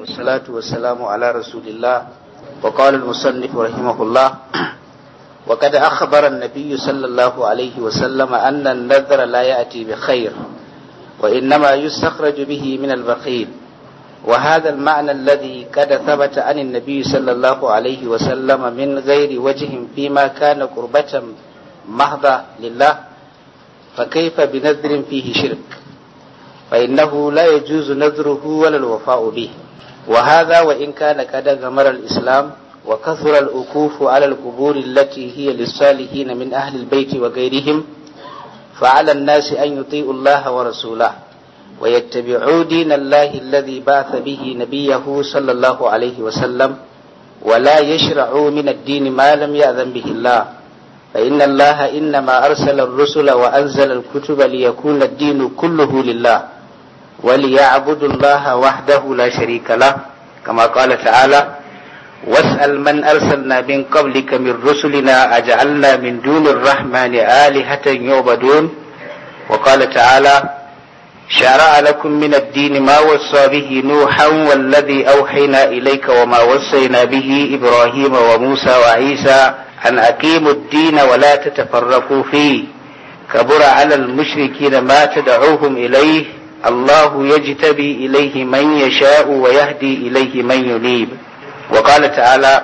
والصلاة والسلام على رسول الله وقال المصنف رحمه الله وقد أخبر النبي صلى الله عليه وسلم أن النذر لا يأتي بخير وإنما يستخرج به من البخيل وهذا المعنى الذي قد ثبت عن النبي صلى الله عليه وسلم من غير وجه فيما كان قربة محضة لله فكيف بنذر فيه شرك فإنه لا يجوز نذره ولا الوفاء به wa hadha wa in kana kada gamar al-islam wa kathura al-ukuf ala al-qubur allati hiya min ahli al wa gairihim? fa 'ala an-nasi an yuti'u Allah wa rasulahu wa yattabi'u dinallahi alladhi ba'atha bihi nabiyahu sallallahu alayhi wa sallam wa la yashra'u min ad-din ma lam ya'zan bihi Allah فإن الله إنما أرسل الرسل وأنزل الكتب ليكون الدين كله لله وليعبدوا الله وحده لا شريك له كما قال تعالى واسأل من أرسلنا من قبلك من رسلنا أجعلنا من دون الرحمن آلهة يعبدون وقال تعالى شرع لكم من الدين ما وصى به نوحا والذي أوحينا إليك وما وصينا به إبراهيم وموسى وعيسى أن أقيموا الدين ولا تتفرقوا فيه كبر على المشركين ما تدعوهم إليه الله يجتبي إليه من يشاء ويهدي إليه من ينيب وقال تعالى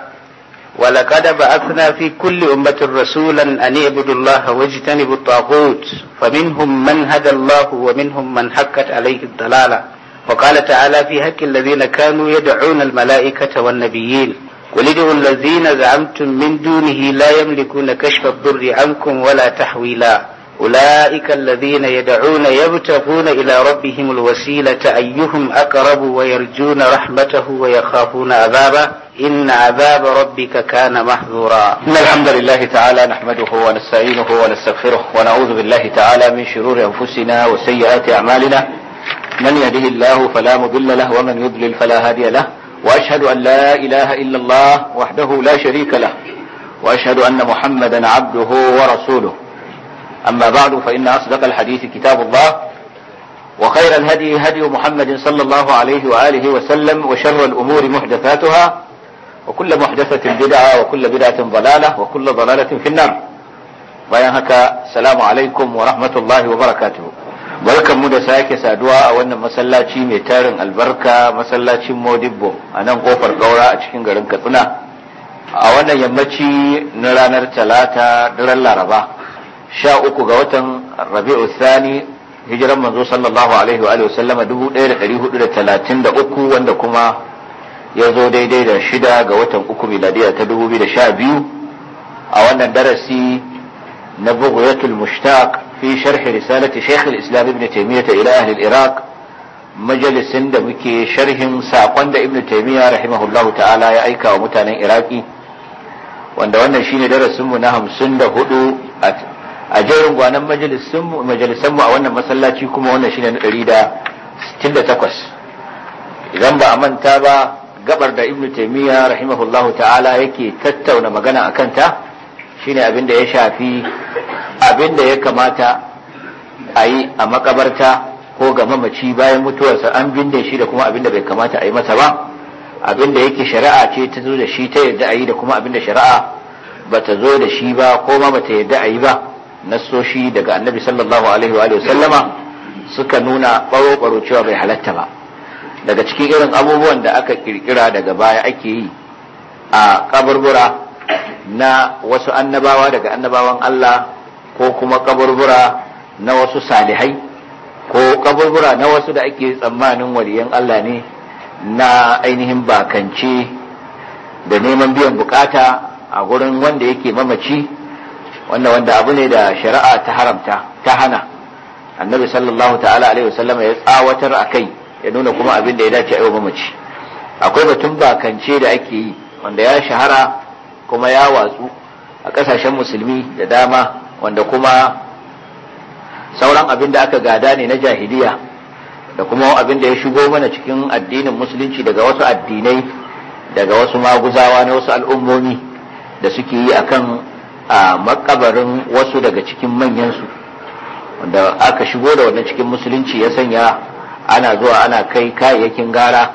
ولقد بعثنا في كل أمة رسولا أن اعبدوا الله واجتنبوا الطاغوت فمنهم من هدى الله ومنهم من حقت عليه الضلالة وقال تعالى في حق الذين كانوا يدعون الملائكة والنبيين قل ادعوا الذين زعمتم من دونه لا يملكون كشف الضر عنكم ولا تحويلا أولئك الذين يدعون يبتغون إلى ربهم الوسيلة أيهم أقرب ويرجون رحمته ويخافون عذابه إن عذاب ربك كان محذورا إن الحمد لله تعالى نحمده ونستعينه ونستغفره ونعوذ بالله تعالى من شرور أنفسنا وسيئات أعمالنا من يهده الله فلا مضل له ومن يضلل فلا هادي له وأشهد أن لا إله إلا الله وحده لا شريك له وأشهد أن محمدا عبده ورسوله أما بعد فإن أصدق الحديث كتاب الله وخير الهدي هدي محمد صلى الله عليه وآله وسلم وشر الأمور محدثاتها وكل محدثة بدعة وكل بدعة ضلالة وكل ضلالة في النار بيانك السلام عليكم ورحمة الله وبركاته barkan mu da sake saduwa a wannan masallaci mai tarin albarka masallacin modibbo a nan kofar gaura a cikin garin katsina a wannan yammaci na ranar talata daren laraba sha uku ga watan rabi'u thani hijiran manzo sallallahu alaihi wa sallama dubu ɗaya da ɗari hudu da talatin da uku wanda kuma ya zo daidai da shida ga watan uku miladiya ta dubu biyu da sha biyu a wannan darasi na bughyatul mushtaq fi sharh risalati shaykh al-islam ibn taymiyyah ila ahli al-iraq majalisin da muke sharhin sakon da ibn taymiyyah rahimahullahu ta'ala ya aika wa mutanen iraki wanda wannan shine darasinmu na hamsin da hudu a jerin gwanan majalisanmu a wannan masallaci kuma wannan shine na 168 idan ba a manta ba gabar da ibnu taimiyya rahimahullahu ta'ala yake tattauna magana a kanta shine da ya shafi abin da ya kamata a yi a makabarta ko ga mamaci bayan mutuwarsa an binne shi da kuma abin da bai kamata a yi masa ba Abin abinda yake shari'a ce ta zo da shi ta yadda a yi da kuma abin da shari'a ba ta zo da shi ba ko ma ba ta yadda a yi ba nassoshi daga annabi sallallahu alaihi wa sallama suka nuna baro-baro cewa bai halatta ba daga cikin irin abubuwan da aka kirkira daga baya ake yi a kaburbura na wasu annabawa daga annabawan Allah ko kuma kaburbura na wasu salihai ko kaburbura na wasu da ake tsammanin waliyan Allah ne na ainihin bakance da neman biyan bukata a gurin wanda yake mamaci wanda wanda abu ne da shari'a ta haramta ta hana annabi sallallahu ta'ala alaihi wasallam ya tsawatar a kai ya nuna kuma abin da ya dace a yau mamaci akwai batun bakance da ake yi wanda ya shahara kuma ya watsu a kasashen musulmi da dama wanda kuma sauran abin da aka gada ne na jahiliya da kuma abin da ya shigo mana cikin addinin musulunci daga wasu addinai daga wasu maguzawa na wasu al'ummomi da suke yi akan a makabarin wasu daga cikin manyansu wanda aka shigo da wannan cikin musulunci ya sanya ana zuwa ana kai kayayyakin gara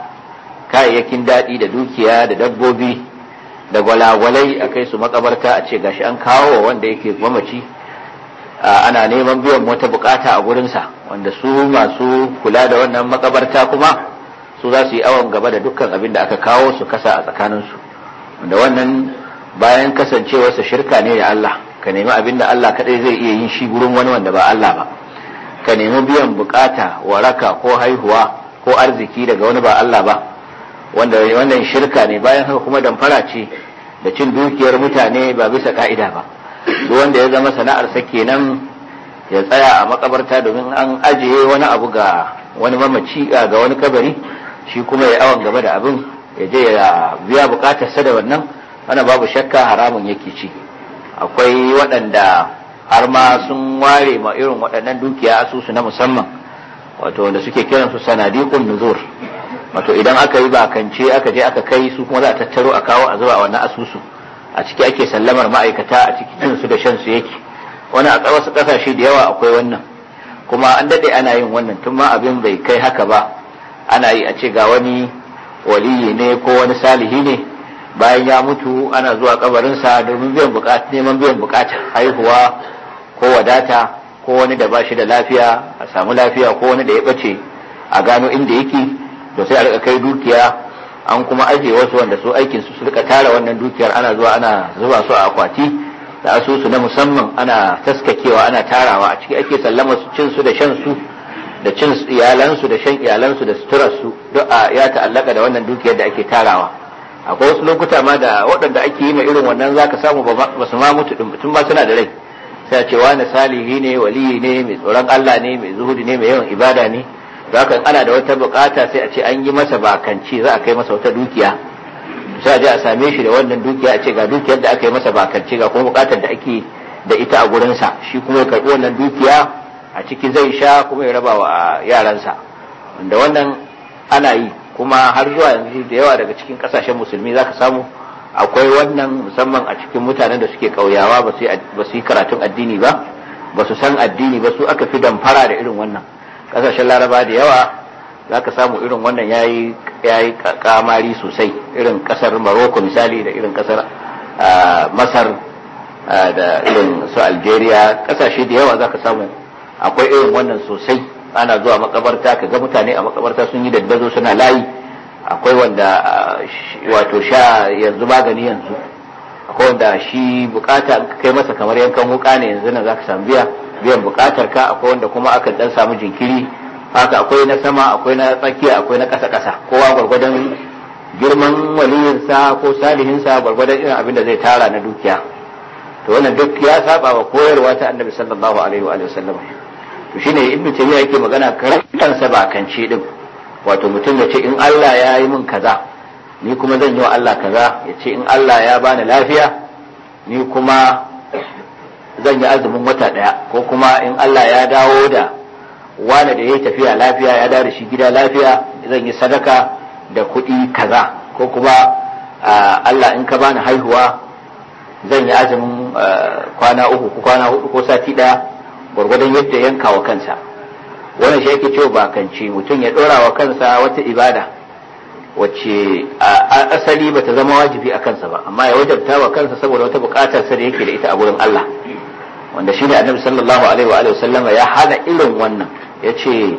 kayayyakin daɗi da dukiya da dabbobi da gwalagwalai a kai su makabarta a ce gashi an kawo wa wanda yake mamaci ana neman biyan wata bukata a gurinsa wanda su masu kula da wannan makabarta kuma su za su yi awon gaba da dukkan abin da aka kawo su kasa a tsakaninsu wanda wannan bayan kasancewarsa shirka ne da Allah ka nemi abin da Allah kaɗai zai iya yin shi gurin wani wanda ba Allah ba ka nemi biyan bukata waraka ko haihuwa ko arziki daga wani ba Allah ba wanda wannan shirka ne bayan haka kuma damfara ce da cin dukiyar mutane ba bisa ka'ida ba duk wanda ya zama sana'ar sana'arsa kenan ya tsaya a makabarta domin an ajiye wani abu ga wani mamaci ga wani kabari shi kuma ya awon gaba da abin ya je ya biya bukatarsa da wannan wanda babu shakka haramun yake ci akwai waɗanda har ma sun ware ma irin waɗannan dukiya asusu na musamman wato wanda suke kiran su sanadiqun nuzur wato idan aka yi bakance aka je aka kai su kuma za a tattaro a kawo a zuba a wannan asusu a ciki ake sallamar ma'aikata a cikin su da shan su yake wani a wasu kasashe da yawa akwai wannan kuma an daɗe ana yin wannan tun ma abin bai kai haka ba ana yi a ce ga wani waliyi ne ko wani salihi ne bayan ya mutu ana zuwa kabarinsa domin biyan bukata neman biyan bukata haihuwa ko wadata ko wani da bashi da lafiya a samu lafiya ko wani da ya bace a gano inda yake to sai a rika kai dukiya an kuma aje wasu wanda su aikin su rika tara wannan dukiyar ana zuwa ana zuba su a akwati da asusu na musamman ana taskakewa ana tarawa a ciki ake sallama su cin su da shan su da cin iyalansu da shan iyalansu da suturarsu duk ya ta'allaka da wannan dukiyar da ake tarawa akwai wasu lokuta ma da waɗanda ake yi ma irin wannan za ka samu ba su ma mutu din tun ba suna da rai sai ce na salihi ne waliyi ne mai tsoron Allah ne mai zuhudi ne mai yawan ibada ne za ka ana da wata bukata sai a ce an yi masa bakanci za a kai masa wata dukiya sai a je a same shi da wannan dukiya a ce ga dukiyar da aka yi masa bakanci ga kuma bukatar da ake da ita a gurinsa shi kuma ya karɓi wannan dukiya a ciki zai sha kuma ya raba wa yaransa da wannan ana yi kuma har zuwa yanzu da yawa daga cikin kasashen musulmi zaka samu akwai wannan musamman a cikin mutanen da suke kauyawa ba su yi karatun addini ba ba su san addini ba su aka fi damfara da irin wannan kasashen laraba da yawa zaka samu irin wannan yayi yayi kamari sosai irin kasar Morocco misali da irin kasar Masar da irin su Algeria kasashe da yawa zaka samu akwai irin wannan sosai ana zuwa makabarta ka ga mutane a makabarta sun yi daddazo suna layi akwai wanda ah, wato sha yanzu magani yanzu akwai wanda shi bukata kai masa kamar yankan wuka ne yanzu za zaka samu biya biyan bukatar ka akwai wanda kuma aka dan samu jinkiri haka akwai na sama akwai na tsakiya akwai na kasa kasa kowa gwargwadon girman waliyinsa ko salihinsa gwargwadon irin abin da zai tara na dukiya to wannan duk ya saba wa koyarwa ta annabi sallallahu alaihi wa sallam to shine ibnu taymiya yake magana karantar sa ba kance din wato mutum ya ce in Allah ya yi min kaza ni kuma zan yi wa Allah kaza ya ce in Allah ya bani lafiya ni kuma zan yi azumin wata daya ko kuma in Allah ya dawo da wani da ya tafiya lafiya ya dawo da shi gida lafiya zan yi sadaka da kuɗi kaza ko kuma Allah in ka bani haihuwa zan yi azumin kwana uku ko kwana hudu ko sati daya gwargwadon yadda yanka wa kansa wannan shi yake cewa bakanci mutum ya dora wa kansa wata ibada wacce a asali bata zama wajibi a kansa ba amma ya wajabta wa kansa saboda wata bukatar sa da yake da ita a gurin Allah wanda shi ne annabi sallallahu alaihi wa alihi sallama ya hana irin wannan yace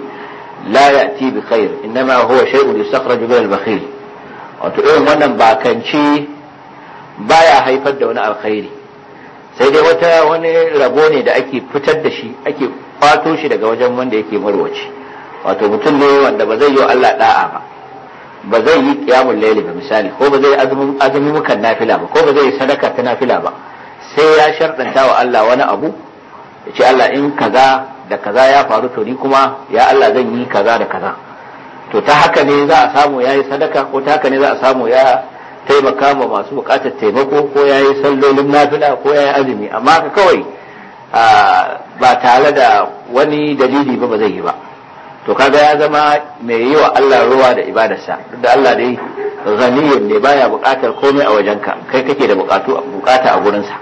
la ya'ti bi khair inma huwa shay'un yustakhraju min al-bakhil wato irin wannan bakanci baya haifar da wani alkhairi sai dai wata wani rabo ne da ake fitar da shi ake kwato shi daga wajen wanda yake marwaci wato mutum ne wanda ba zai yi Allah da'a ba ba zai yi kiyamun laili ba misali ko ba zai azumi mukan nafila ba ko ba zai sadaka ta nafila ba sai ya shardanta wa Allah wani abu ya ce Allah in kaza da kaza ya faru to ni kuma ya Allah zan yi kaza da kaza to ta haka ne za a samu ya yi sadaka ko ta haka ne za a samu ya taimaka ma masu bukatar taimako ko ya yi sallolin nafila ko ya yi azumi amma ka kawai ba tare da wani dalili ba ba zai yi ba to kaga ya zama mai yi wa Allah ruwa da ibadarsa duk da Allah dai ghaniyyun ne baya bukatar komai a wajenka kai kake da bukatu bukata a gurinsa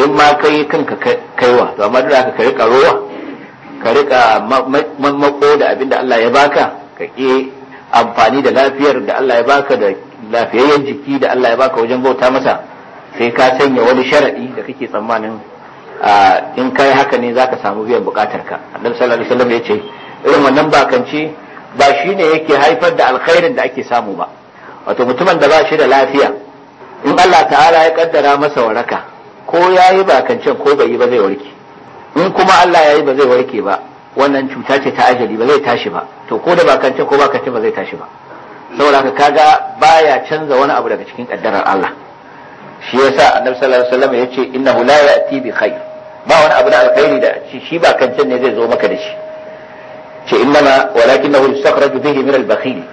in ma kai kanka kaiwa to amma duk da ka rika ruwa ka rika mamako da abin da Allah ya baka ka amfani da lafiyar da Allah ya baka da lafiyayyen jiki da Allah ya baka wajen bauta masa sai ka sanya wani sharadi da kake tsammanin in kai haka ne zaka samu biyan bukatar ka annabi sallallahu alaihi wasallam ce irin wannan bakanci ba shine yake haifar da alkhairin da ake samu ba wato mutumin da ba shi da lafiya in Allah ta'ala ya kaddara masa waraka ko yayi bakancin ko bai yi ba zai warke in kuma Allah yayi ba zai warke ba wannan cuta ce ta ajali ba zai tashi ba to ko da bakancin ko bakancin ba zai tashi ba saboda haka kaga baya canza wani abu daga cikin kaddarar Allah shi yasa annabi sallallahu alaihi wasallam yace innahu la ya'ti bi khair ba wani abu da alkhairi da shi ba kancan ne zai zo maka da shi ce innama walakinahu bihi min al-bakhil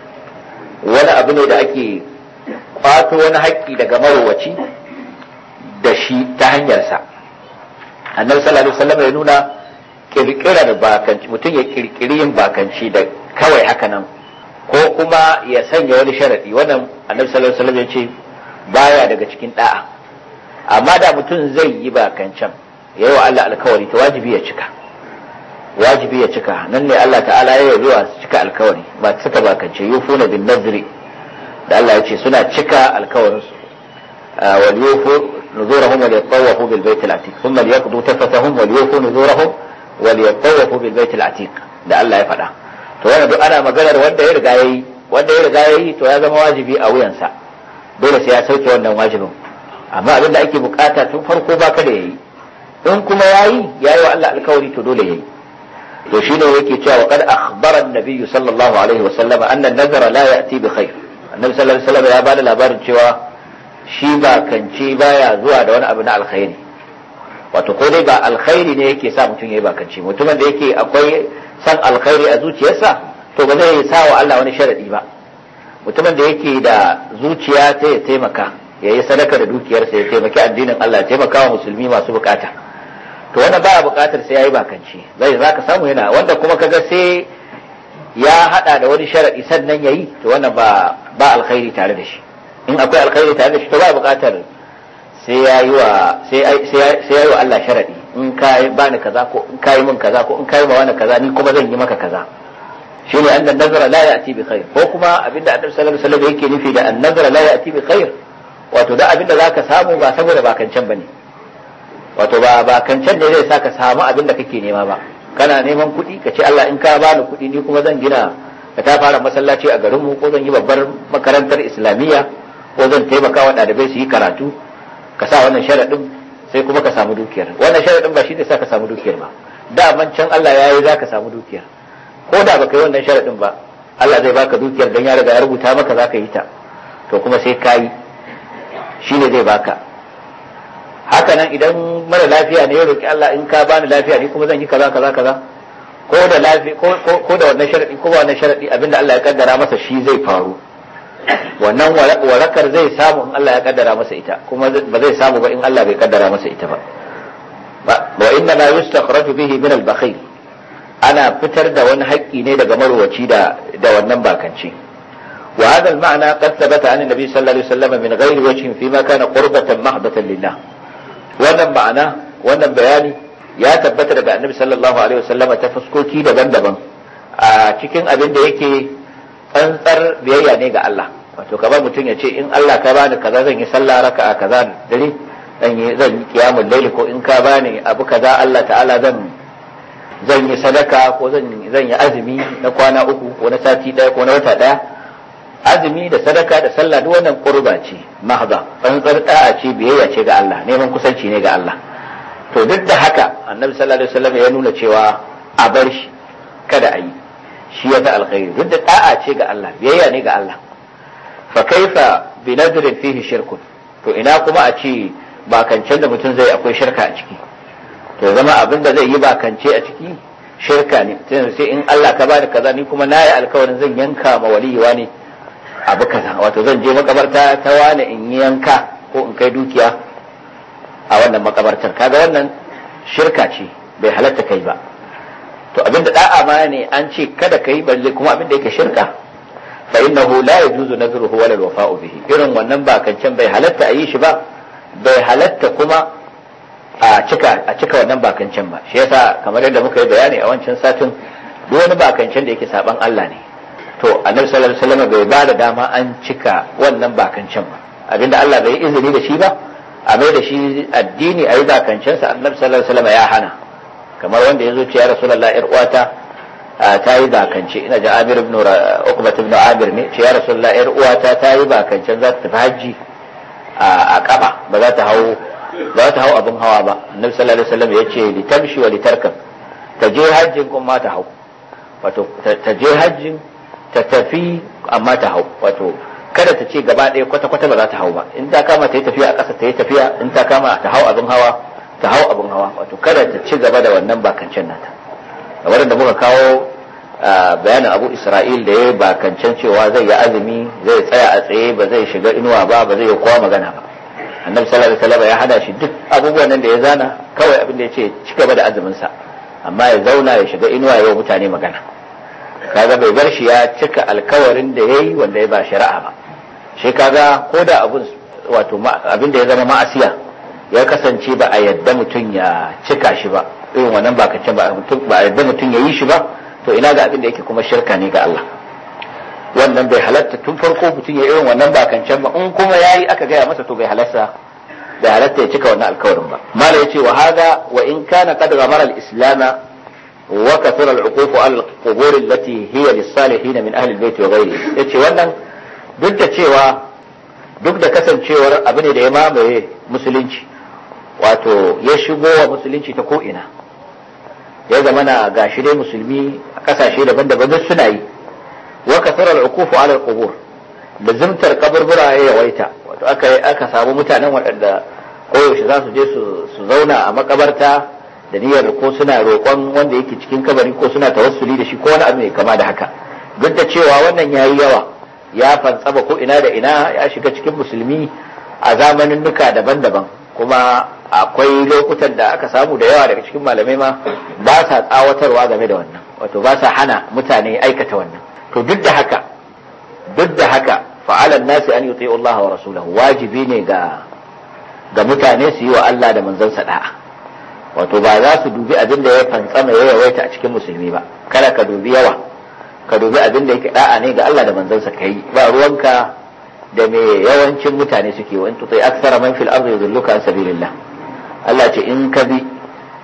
wani abu ne da ake kwato wani haƙƙi daga marowaci da shi ta hanyarsa annabi sallallahu alaihi wasallam ya nuna kirkirar bakanci mutum ya kirkiri yin bakanci da kawai haka nan ko kuma ya sanya wani sharadi wannan annabi sallallahu alaihi wasallam ya ce baya daga cikin da'a amma da mutum zai yi ba kancan yi wa Allah alkawari ta wajibi ya cika wajibi ya cika nan ne Allah ta'ala ya yi su cika alkawari ba cika bakance yufuna bin nadri da Allah ya ce suna cika su ah, wal yufu نذورهم وليطوفوا بالبيت العتيق ثم ليقضوا تفتهم وليوفوا نذورهم وليطوفوا atiq Da Allah ya faɗa. to wannan duk ana maganar wanda ya riga yayi wanda ya riga ya yi to ya zama wajibi a wuyansa dole sai ya sauke wannan wajibin amma abin da ake bukata tun farko baka da yayi in kuma yayi yayi wa Allah alkawari to dole yayi to shine yake cewa kad akhbara an-nabiy sallallahu alaihi wasallam anna an-nazara la ya'ti bi khair annabi sallallahu alaihi wasallam ya bada labarin cewa shi ba kance baya zuwa da wani abu na alkhairi wato ko dai ba alkhairi ne yake sa mutum yayi kance mutumin da yake akwai san alkhairi a zuciyarsa to ba zai sa wa Allah wani sharadi ba mutumin da yake da zuciya ta ya taimaka ya yi sadaka da dukiyarsa ya taimaki addinin Allah ya taimaka wa musulmi masu bukata to wanda a bukatar sai yayi bakanci zai zaka samu yana wanda kuma kaga sai ya hada da wani sharadi sannan yayi to wannan ba ba alkhairi tare da shi in akwai alkhairi tare da shi to ba bukatar sai yayi wa sai wa Allah sharadi in ka yi bani kaza ko in ka yi min kaza ko in ka yi ma wani kaza ni kuma zan yi maka kaza shine an nazara la ya'ti bi khair ko kuma abinda annabi sallallahu alaihi wasallam yake nufi da an nazara la ya'ti bi khair wato da abinda zaka samu ba saboda kancan bane wato ba kancan ne zai saka samu abinda kake nema ba kana neman kuɗi ka ce Allah in ka bani kuɗi ni kuma zan gina ka ta fara masallaci a garinmu ko zan yi babbar makarantar islamiyya ko zan taimaka wa ɗalibai su yi karatu ka sa wannan sharaɗin sai kuma ka samu dukiyar wannan sharadin ba shi ne sa ka samu dukiyar ba da man can Allah ya yi za ka samu dukiyar ko da ka yi wannan sharadin ba Allah zai baka dukiyar dan ya riga ya rubuta maka za ka yi ta to kuma sai ka yi shi ne zai baka haka nan idan mara lafiya ne ya roki Allah in ka bani lafiya ni kuma zan yi kaza kaza kaza ko da lafi ko da wannan sharadi ko wannan sharadi abinda Allah ya kaddara masa shi zai faru wannan warakar zai samu in Allah ya kaddara masa ita kuma ba zai samu ba in Allah bai kaddara masa ita ba wa inna la yustakhraju bihi min al-bakhil ana fitar da wani haƙƙi ne daga marwaci da da wannan bakanci wa hada al-ma'na qad thabata an nabi sallallahu alaihi wasallam min ghairi wajhin fima kana qurbatan mahdatan lillah wannan ma'ana wannan bayani ya tabbata daga annabi sallallahu alaihi wasallam ta fuskoki daban-daban a cikin abin da yake tsantsar biyayya ne ga Allah wato ka ba mutum ya ce in Allah ka bani kaza zan yi sallah raka'a kaza dare zan yi zan yi kiyamul laili ko in ka bani abu kaza Allah ta'ala zan zan yi sadaka ko zan zan yi azumi na kwana uku ko na sati daya ko na wata daya azumi da sadaka da sallah duk wannan qurba ce mahza tsantsar ta'a ce biyayya ce ga Allah neman kusanci ne ga Allah to duk da haka annabi sallallahu alaihi wasallam ya nuna cewa a bar shi kada a yi shi ya ta alkhairi duk da da'a ce ga Allah biyayya ne ga Allah fa kaifa bi nadrin fihi shirkun to ina kuma a ce bakancen da mutum zai akwai shirka a ciki to zama abin da zai yi ba kance a ciki shirka ne sai in Allah ka bani kaza ni kuma na yi alkawarin zan yanka ma waliyiwa ne abu kaza wato zan je makabarta ta wani in yi yanka ko in kai dukiya a wannan makabartar kaga wannan shirka ce bai halatta kai ba to abinda da'a ma ne an ce kada ka yi balle kuma abinda yake shirka fa innahu la yajuzu nazruhu wala alwafa'u bihi irin wannan ba kancan bai halatta a yi shi ba bai halatta kuma a cika a cika wannan kancan ba shi yasa kamar yadda muka yi bayani a wancan satin duk wani kancan da yake saban Allah ne to annabi sallallahu alaihi wasallam bai ba da dama an cika wannan kancan ba abinda Allah bai izini da shi ba a mai da shi addini a yi bakancansa annabi sallallahu alaihi wasallam ya hana kamar wanda ya zo ciyar ya rasulullah yar uwata ta yi bakance ina ji amir ibn ukbat ibn amir ne ciyar ya rasulullah yar uwata ta yi bakance za ta tafi hajji a kaba ba za ta hau ba ta hau abin hawa ba annabi sallallahu alaihi wasallam ya ce tamshi wa tarkab ta je hajjin kuma ta hau wato ta je hajjin ta tafi amma ta hau wato kada ta ce gaba ɗaya kwata-kwata ba za ta hau ba in ta kama ta yi tafiya a ƙasa ta yi tafiya in ta kama ta hau abin hawa ta hau abin hawa wato kada ta ci gaba da wannan bakancen nata kamar da muka kawo bayanin abu isra'il da ya bakancen cewa zai yi azumi zai tsaya a tsaye ba zai shiga inuwa ba ba zai yi kowa magana ba annabi sallallahu alaihi wasallam ya hada shi duk abubuwan nan da ya zana kawai abin da ya ce ci gaba da azumin sa amma ya zauna ya shiga inuwa ya yi mutane magana kaga bai bar shi ya cika alkawarin da yayi wanda ya ba shari'a ba shi kaga ko da abun wato abin da ya zama ma'asiya ya kasance ba a yadda mutum ya cika shi ba irin wannan ba kacin ba a yadda mutum ya yi shi ba to ina ga abin da yake kuma shirka ne ga Allah wannan bai halatta tun farko mutum ya irin wannan kancan ba in kuma yayi aka gaya masa to bai halatta bai halatta ya cika wannan alkawarin ba mala ya wa haga wa in kana kad ghamara al islama wa kathara al-uquq al-qubur allati hiya lis-salihin min ahli al-bayt wa ghayrihi yace wannan duk da cewa duk da kasancewar abu ne da ya mamaye musulunci wato ya shigo wa musulunci ta ko'ina ya zama na gashi dai musulmi a kasashe daban-daban duk suna yi wa kasarar ukufu alal qubur da zumtar kaburbura ya yawaita wato aka aka samu mutanen waɗanda koyaushe za su je su zauna a makabarta da niyyar ko suna roƙon wanda yake cikin kabari ko suna tawassuli da shi ko wani abu mai kama da haka duk da cewa wannan ya yi yawa ya fantsaba ko ina da ina ya shiga cikin musulmi a zamanin nuka daban-daban kuma akwai lokutan da aka samu da yawa daga cikin malamai ma ba sa tsawatarwa game da wannan wato ba sa hana mutane aikata wannan to duk da haka duk da haka fa'alan nasi an yuti Allah wa rasulahu wajibi ne ga ga mutane su yi wa Allah da manzansa da'a wato ba za su dubi abin da ya fantsama ya yawaita a cikin musulmi ba kada ka dubi yawa ka dubi abin da yake da'a ne ga Allah da manzansa kai ba ruwanka da me yawancin mutane suke wa in tutai aksara man fil ardi yudilluka an sabilillah Allah ce in ka bi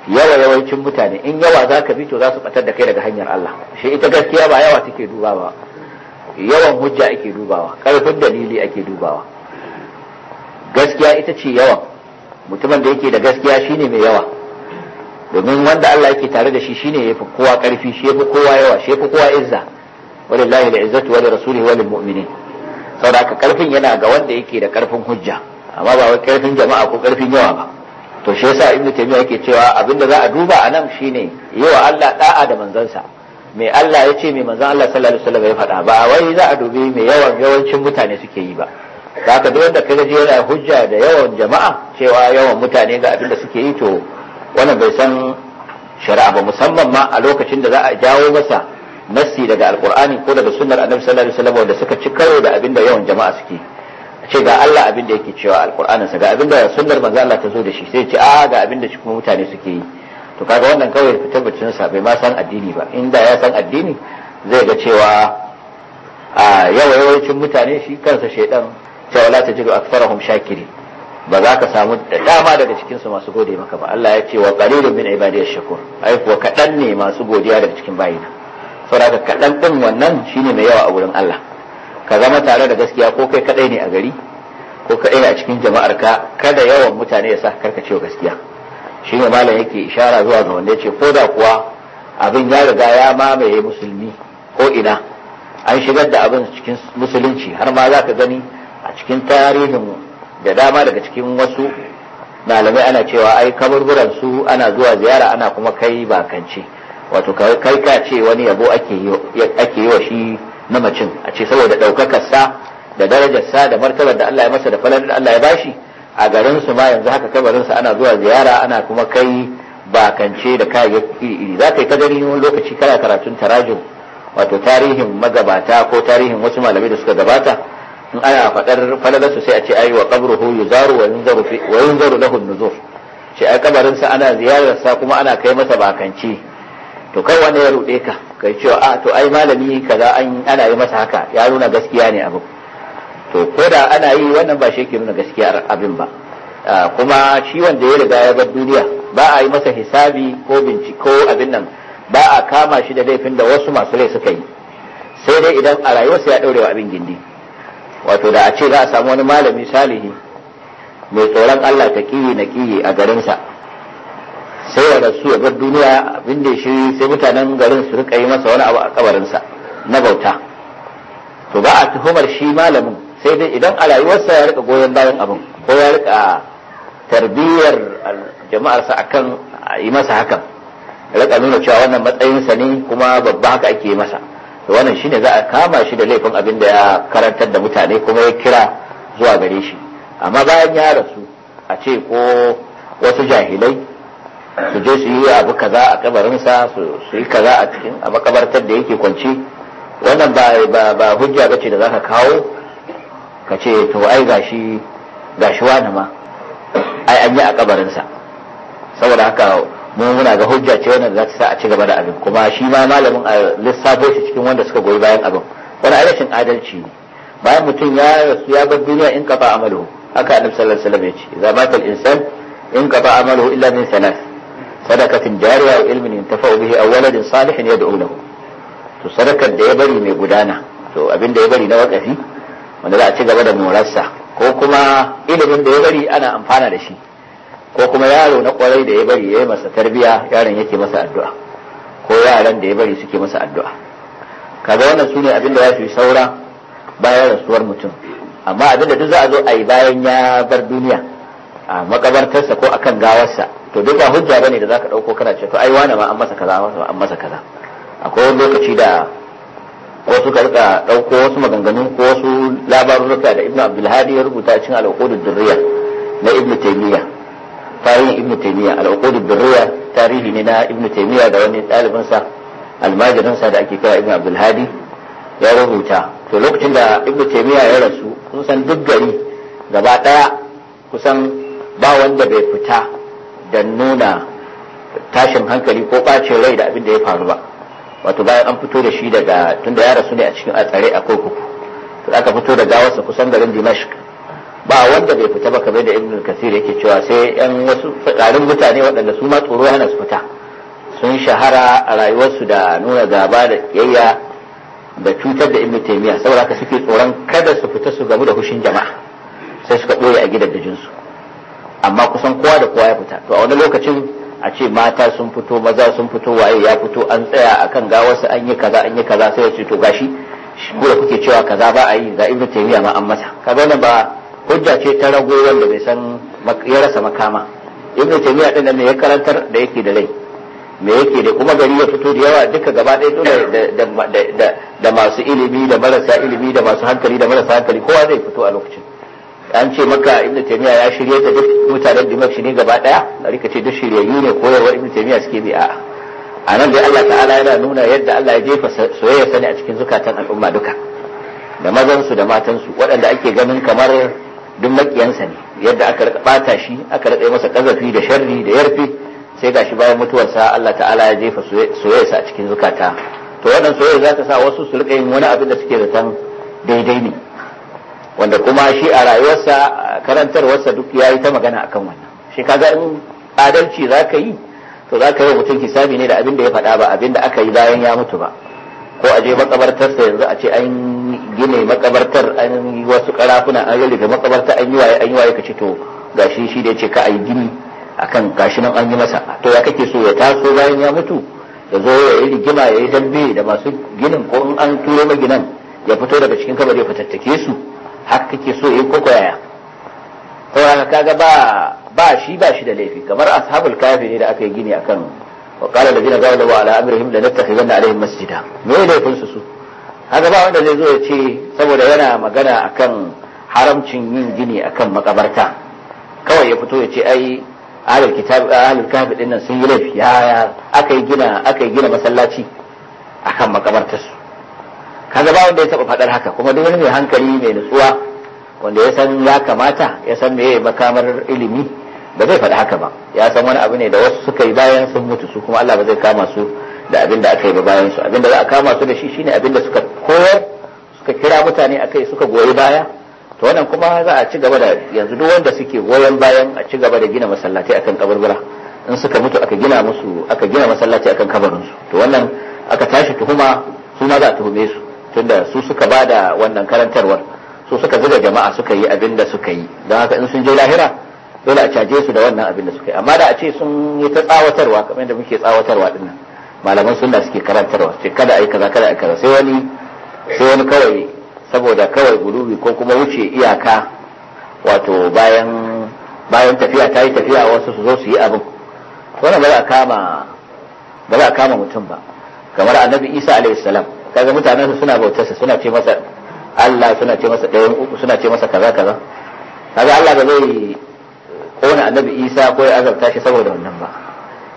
yawa yawancin mutane in yawa za ka bi to za su batar da kai daga hanyar Allah shi ita gaskiya ba yawa take dubawa yawan hujja ake dubawa karfin dalili ake dubawa gaskiya ita ce yawan mutumin da yake da gaskiya shine mai yawa domin wanda Allah yake tare da shi shine yafi kowa karfi shi yafi kowa yawa shi yafi kowa izza walillahi al-izzatu wa lirasulihi wa lilmu'minin saboda haka karfin yana ga wanda yake da karfin hujja amma ba wai karfin jama'a ko karfin yawa ba to shi yasa ibnu taymiya yake cewa abinda za a duba a nan shine yawa Allah da'a da manzansa me Allah ya ce me manzon Allah sallallahu alaihi wasallam ya faɗa ba wai za a dubi me yawan yawancin mutane suke yi ba zaka duk wanda kaga yana hujja da yawan jama'a cewa yawan mutane ga abinda suke yi to wannan bai san shari'a ba musamman ma a lokacin da za a jawo masa nassi daga alqur'ani ko daga sunnar annabi sallallahu alaihi wasallam wanda suka ci karo da abinda yawan jama'a suke yi ce ga Allah abin da yake cewa alkuraninsa ga abin da sunnar manzo Allah ta zo da shi sai ce a ah, ga abin da shi kuma mutane suke yi to kaga wannan kawai tabbacin sa bai ma san addini ba inda ya san addini zai ga cewa a yawa yawancin mutane shi kansa shaidan cewa la tajidu aktharahum shakiri ba za ka samu da dama daga cikin su masu gode maka ba Allah ya ce wa qalilun min ibadiyash shakur ai kuwa kadan ne masu godiya daga cikin bayina saboda kadan din wannan shine mai yawa a wurin Allah ka zama tare da gaskiya ko kai kadai ne a gari ko kadai ne a cikin jama'ar ka kada yawan mutane ya sa cewa gaskiya shi ne malam yake ishara zuwa ga wanda yace ko da kuwa abin ya riga ya mamaye musulmi ko ina an shigar da abin cikin musulunci har ma za ka gani a cikin tarihin da dama daga cikin wasu malamai ana cewa ai kaburburan su ana zuwa ziyara ana kuma kai bakance wato kai ka ce wani yabo ake yi wa shi na macin a ce saboda sa da sa da martabar da Allah ya masa da falar da Allah ya bashi a garin su ma yanzu haka kabarin sa ana zuwa ziyara ana kuma kai bakance da kayayyaki iri za ka yi kadari wani lokaci kana karatun tarajin wato tarihin magabata ko tarihin wasu malamai da suka gabata in ana faɗar falalarsu sai a ce ayi wa qabruhu yuzaru wa yunzaru lahu nuzur ce ai kabarinsa ana ziyarar sa kuma ana kai masa bakance to kai wani ya ruɗe ka kai cewa a ah, to ai malami kaza an ana yi masa haka ya nuna gaskiya ne abu. to ko da ana yi wannan ba shi ke nuna gaskiyar abin ba ah, kuma shi wanda ya riga ya bar duniya ba a yi masa hisabi ko binciko abin nan ba a kama shi da laifin da wasu masu lai suka yi sai dai idan a rayuwarsa ya ɗaure wa abin gindi wato da a ce za a samu wani malami salihi mai tsoron Allah ta kiyi na kiyi a garinsa sai ya rasu ya bar duniya abin da shi sai mutanen garin su rika yi masa wani abu a kabarinsa na bauta to ba a tuhumar shi malamin sai dai idan a rayuwarsa ya rika goyon bayan abin ko ya rika tarbiyyar jama'arsa a akan yi masa hakan rika nuna cewa wannan matsayinsa ne kuma babba haka ake masa to wannan shine za a kama shi da laifin abin da ya karantar da mutane kuma ya kira zuwa gare shi amma bayan ya rasu a ce ko wasu jahilai su je su yi abu kaza a kabarinsa su yi kaza a cikin a makabartar da yake kwanci wannan ba ba hujja bace da zaka kawo ka ce to ai gashi gashi wani ma ai an yi a kabarinsa saboda haka mu muna ga hujja ce wannan za ta sa a ci gaba da abin kuma shi ma malamin a lissafo shi cikin wanda suka goyi bayan abin wani rashin adalci ne bayan mutum ya rasu ya bar duniya in kafa amalu haka annabi sallallahu alaihi wasallam ya ce zabatul insan in kafa amalu illa min thalath sadakatin jariya wa ilmin yantafa'u bihi aw waladin salihin da lahu to sadakar da ya bari mai gudana to abin da ya bari na wakafi wanda za ci gaba da morarsa ko kuma ilimin da ya bari ana amfana da shi ko kuma yaro na kwarai da ya bari ya yi masa tarbiya yaron yake masa addu'a ko yaran da ya bari suke masa addu'a kaga wannan su ne abin da ya fi saura bayan rasuwar mutum amma abin da duk za a zo ayi bayan ya bar duniya a makabartarsa ko a kan gawarsa to duk ba hujja bane da zaka dauko kana ce to ai wani ma an masa kaza an masa kaza akwai wani lokaci da wasu rika dauko wasu maganganu ko wasu labarurruka da ibnu abdulhadi ya rubuta cikin al-uqudud durriya na ibnu taymiya tarihi ibnu taymiya al-uqudud tarihi ne na ibnu taymiya da wani dalibin sa almajirin sa da ake kira ibnu abdulhadi ya rubuta to lokacin da ibnu taymiya ya rasu kun san duk gari gaba daya kusan ba wanda bai fita da nuna tashin hankali ko ɓacin rai da abin da ya faru ba wato bayan an fito da shi daga tunda ya rasu ne a cikin a a kurkuku to aka fito da gawarsa kusan garin dimashq ba wanda bai fita ba kamar da ibn kasir yake cewa sai yan wasu fitsarin mutane waɗanda su ma tsoro hana su fita sun shahara a rayuwarsu da nuna gaba da kiyayya da cutar da ibn taymiya saboda haka suke tsoron kada su fita su gamu da hushin jama'a sai suka ɓoye a gidan su amma kusan kowa da kowa ya fita to a wani lokacin a ce mata sun fito maza sun fito waye ya fito an tsaya akan ga wasu an yi kaza an yi kaza sai ya ce to gashi ko da kuke cewa kaza ba a yi ga ibnu taymiya ma an masa kaga wannan ba hujja ce ta rago wanda bai san ya rasa makama ibnu taymiya din ne ya karantar da yake da rai me yake da kuma gari ya fito da yawa duka gaba ɗaya da, da masu ilimi da marasa ilimi da masu hankali da marasa hankali kowa zai fito a lokacin an ce maka ibn taymiya ya shirye da duk mutanen shi ne gaba daya da rika ce duk shiryayyu ne koyarwar ibn taymiya suke bi a a nan dai Allah ta'ala yana nuna yadda Allah ya jefa soyayya sani a cikin zukatan al'umma duka da mazan su da matan su waɗanda ake ganin kamar duk makiyansa ne yadda aka rika bata shi aka rika masa kazafi da sharri da yarfe sai gashi bayan mutuwarsa Allah ta'ala ya jefa soyayya a cikin zukata to wannan soyayya za ta sa wasu su rika yin wani abin da suke zaton daidai ne wanda kuma shi a rayuwarsa karantarwarsa duk ya yi ta magana akan wannan shi kaga in adalci za ka yi to za ka yi mutum hisabi ne da abin da ya faɗa ba abin da aka yi bayan ya mutu ba ko a je makabartarsa yanzu a ce an gine makabartar an yi wasu karafuna an yi makabartar an yi waye an yi waye ka ce to gashi shi da ya ce ka a yi gini akan gashi nan an yi masa to ya kake so ya taso bayan ya mutu ya zo ya yi rigima ya yi dambe da masu ginin ko in an turo maginan ya fito daga cikin kabari ya fatattake su haka kake so koko yaya to ana kaga ba ba shi ba shi da laifi kamar ashabul kafi ne da aka yi gini akan wa qala ladina wa ala amrihim lanattakhidanna alaihim masjida me laifin su su haka ba wanda zai zo ya ce saboda yana magana akan haramcin yin gini akan makabarta kawai ya fito ya ce ai ahlul kitab ahlul kafi dinnan sun yi laifi ya aka yi gina aka yi gina masallaci akan makabartar su kaga ba wanda ya taba faɗar haka kuma duk wani mai hankali mai nutsuwa wanda ya san ya kamata ya san meye makamar ilimi ba zai faɗi haka ba ya san wani abu ne da wasu suka yi bayan sun mutu su kuma Allah ba zai kama su da abin da aka yi ba bayan su abin da za a kama su da shi shine abin da suka koyar suka kira mutane akai suka goyi baya to wannan kuma za a ci gaba da yanzu duk wanda suke goyon bayan a ci gaba da gina masallatai akan kaburbura in suka mutu aka gina musu aka gina masallaci akan kabarin su to wannan aka tashi tuhuma su ma za a tuhume su tunda su suka ba da wannan karantarwar su suka zuga jama'a suka yi abin da suka yi don haka in sun je lahira dole a caje su da wannan abin da suka yi amma da a ce sun yi ta tsawatarwa kamar yadda muke tsawatarwa din nan malaman sunna suke karantarwa ce kada a yi kaza kada a yi kaza sai wani sai wani kawai saboda kawai gurubi ko kuma wuce iyaka wato bayan bayan tafiya ta yi tafiya wasu su zo su yi abin wannan ba za a kama ba za a kama mutum ba kamar annabi isa alaihi salam kaga mutanen su suna bautarsa suna ce masa Allah suna ce masa ɗayan uku suna ce masa kaza kaza kaga Allah ba zai kona annabi Isa ko ya azabta shi saboda wannan ba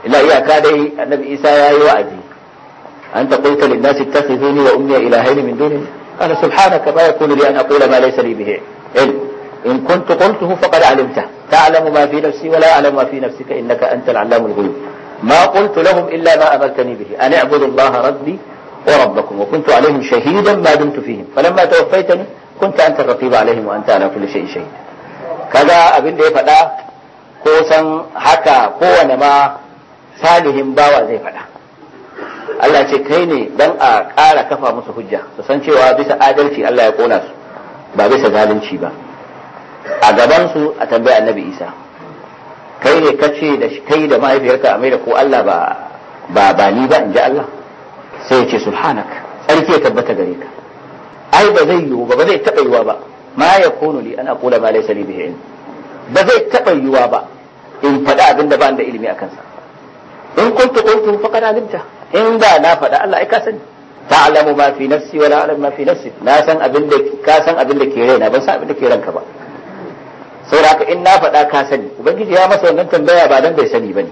illa iyaka dai annabi Isa ya yi wa'azi anta qulta lin nasi ittakhizuni wa ummi ilahayn min duni ana subhanaka ma yakunu li an aqula ma laysa li bihi ilm in kuntu qultuhu faqad alimta ta'lamu ma fi nafsi wa la a'lamu ma fi nafsika innaka antal allamul ghuyub ما قلت لهم إلا ما أمرتني به أن اعبدوا الله ربي وربكم وكنت عليهم شهيدا ما دمت فيهم فلما توفيتني كنت أنت الرقيب عليهم وأنت على كل شيء شهيد kaga abin da ya faɗa ko san haka kowane ma salihin bawa zai faɗa Allah ce kai ne dan a ƙara kafa musu hujja su san cewa bisa adalci Allah ya kona su ba bisa zalunci ba a gaban su a tambayar annabi Isa kai ne kace da kai da mahaifiyarka a mai da ko Allah ba ba ni ba in ji Allah sai ya ce subhanak sarki ya tabbata gare ka ai ba zai yiwu ba ba zai taɓa yiwa ba ma ya kono li ana kula ma laisa li bihi ba zai taɓa yiwa ba in faɗa abin da ba da ilimi a kansa in kuntu qultu faqad alimta in da na faɗa Allah ai ka sani ta'lamu ma fi nafsi wa la a'lamu ma fi nafsi na san abin da ka san abin da ke raina ban san abin da ke ranka ba saboda haka in na faɗa ka sani ubangiji ya masa wannan tambaya ba dan bai sani bane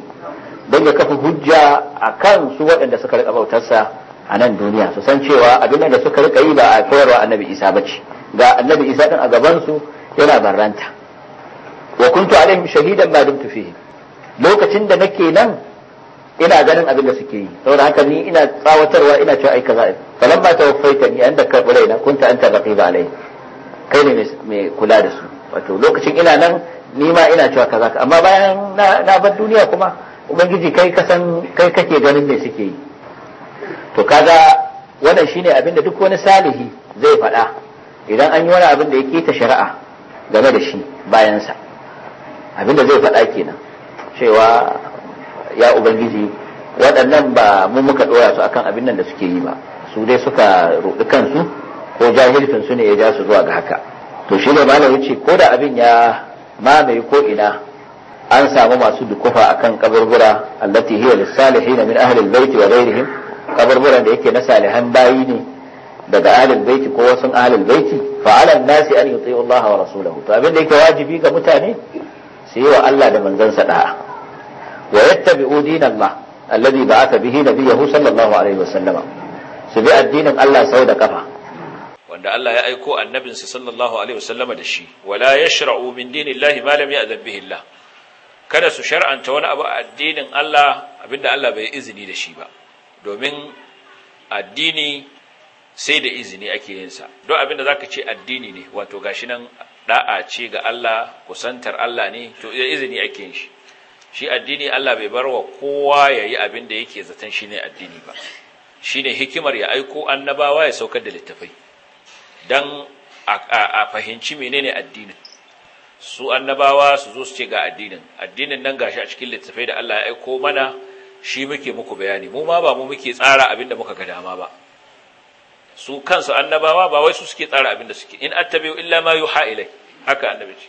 don ya kafa hujja a kan su waɗanda suka rika bautarsa a nan duniya su san cewa abin da suka rika yi ba a koyarwa annabi isa ba ce ga annabi isa ɗin a gabansu yana barranta wa kuntu alaihim shahidan ma dumtu fihi lokacin da nake nan ina ganin abin da suke yi saboda haka ni ina tsawatarwa ina cewa ai kaza falan ba tawaffaita ni an da karɓi raina kunta anta raqiba alai kai ne mai kula da su wato lokacin ina nan ni ma ina cewa kaza amma bayan na bar duniya kuma ubangiji kai kasan kai kake ganin me suke yi to kaga wannan shine abin da duk wani salihi zai faɗa idan an yi wani abin da ya ta shari'a game da shi bayansa abin da zai faɗa kenan cewa ya ubangiji waɗannan ba mu muka ɗora su akan abin nan da suke yi ba su dai suka ruɗi kansu ko jahilcin su ne ya ja su zuwa ga haka to shi ne malam ce ko da abin ya mamaye ko ina an samu masu dukufa akan kaburbura allati hiya na min ahli albayt wa ghayrihim kaburburan da yake na salihan bayi ne daga ahli albayt ko wasu ahli albayt fa ala nasi an yuti'u Allah wa rasulahu to abin da yake wajibi ga mutane su yi wa Allah da manzansa da'a wa yattabi'u ma alladhi ba'atha bihi nabiyahu sallallahu alaihi wa sallama su bi addinin Allah sau da kafa wanda Allah ya aiko annabinsa sallallahu alaihi wa sallama da shi wala yashra'u min dinillahi ma lam ya'dhab bihi Allah kada su shar'anta wani abu a addinin Allah abinda Allah bai izini da shi ba domin addini sai da izini ake yin sa don abinda zaka ce addini ne wato gashi nan da'a ce ga Allah kusantar Allah ne to ya izini ake yin shi shi addini Allah bai bar wa kowa yayi abinda yake zaton shine addini ba shine hikimar ya aiko annabawa ya saukar da littafai dan a fahimci menene addini? su annabawa su zo su ce ga addinin addinin nan gashi a cikin littafai da Allah ya aiko mana shi muke muku bayani mu ma ba mu muke tsara abin da muka ga dama ba su kansu annabawa ba wai su suke tsara abin da suke in attabi'u illa ma yuha ilai haka annabi ce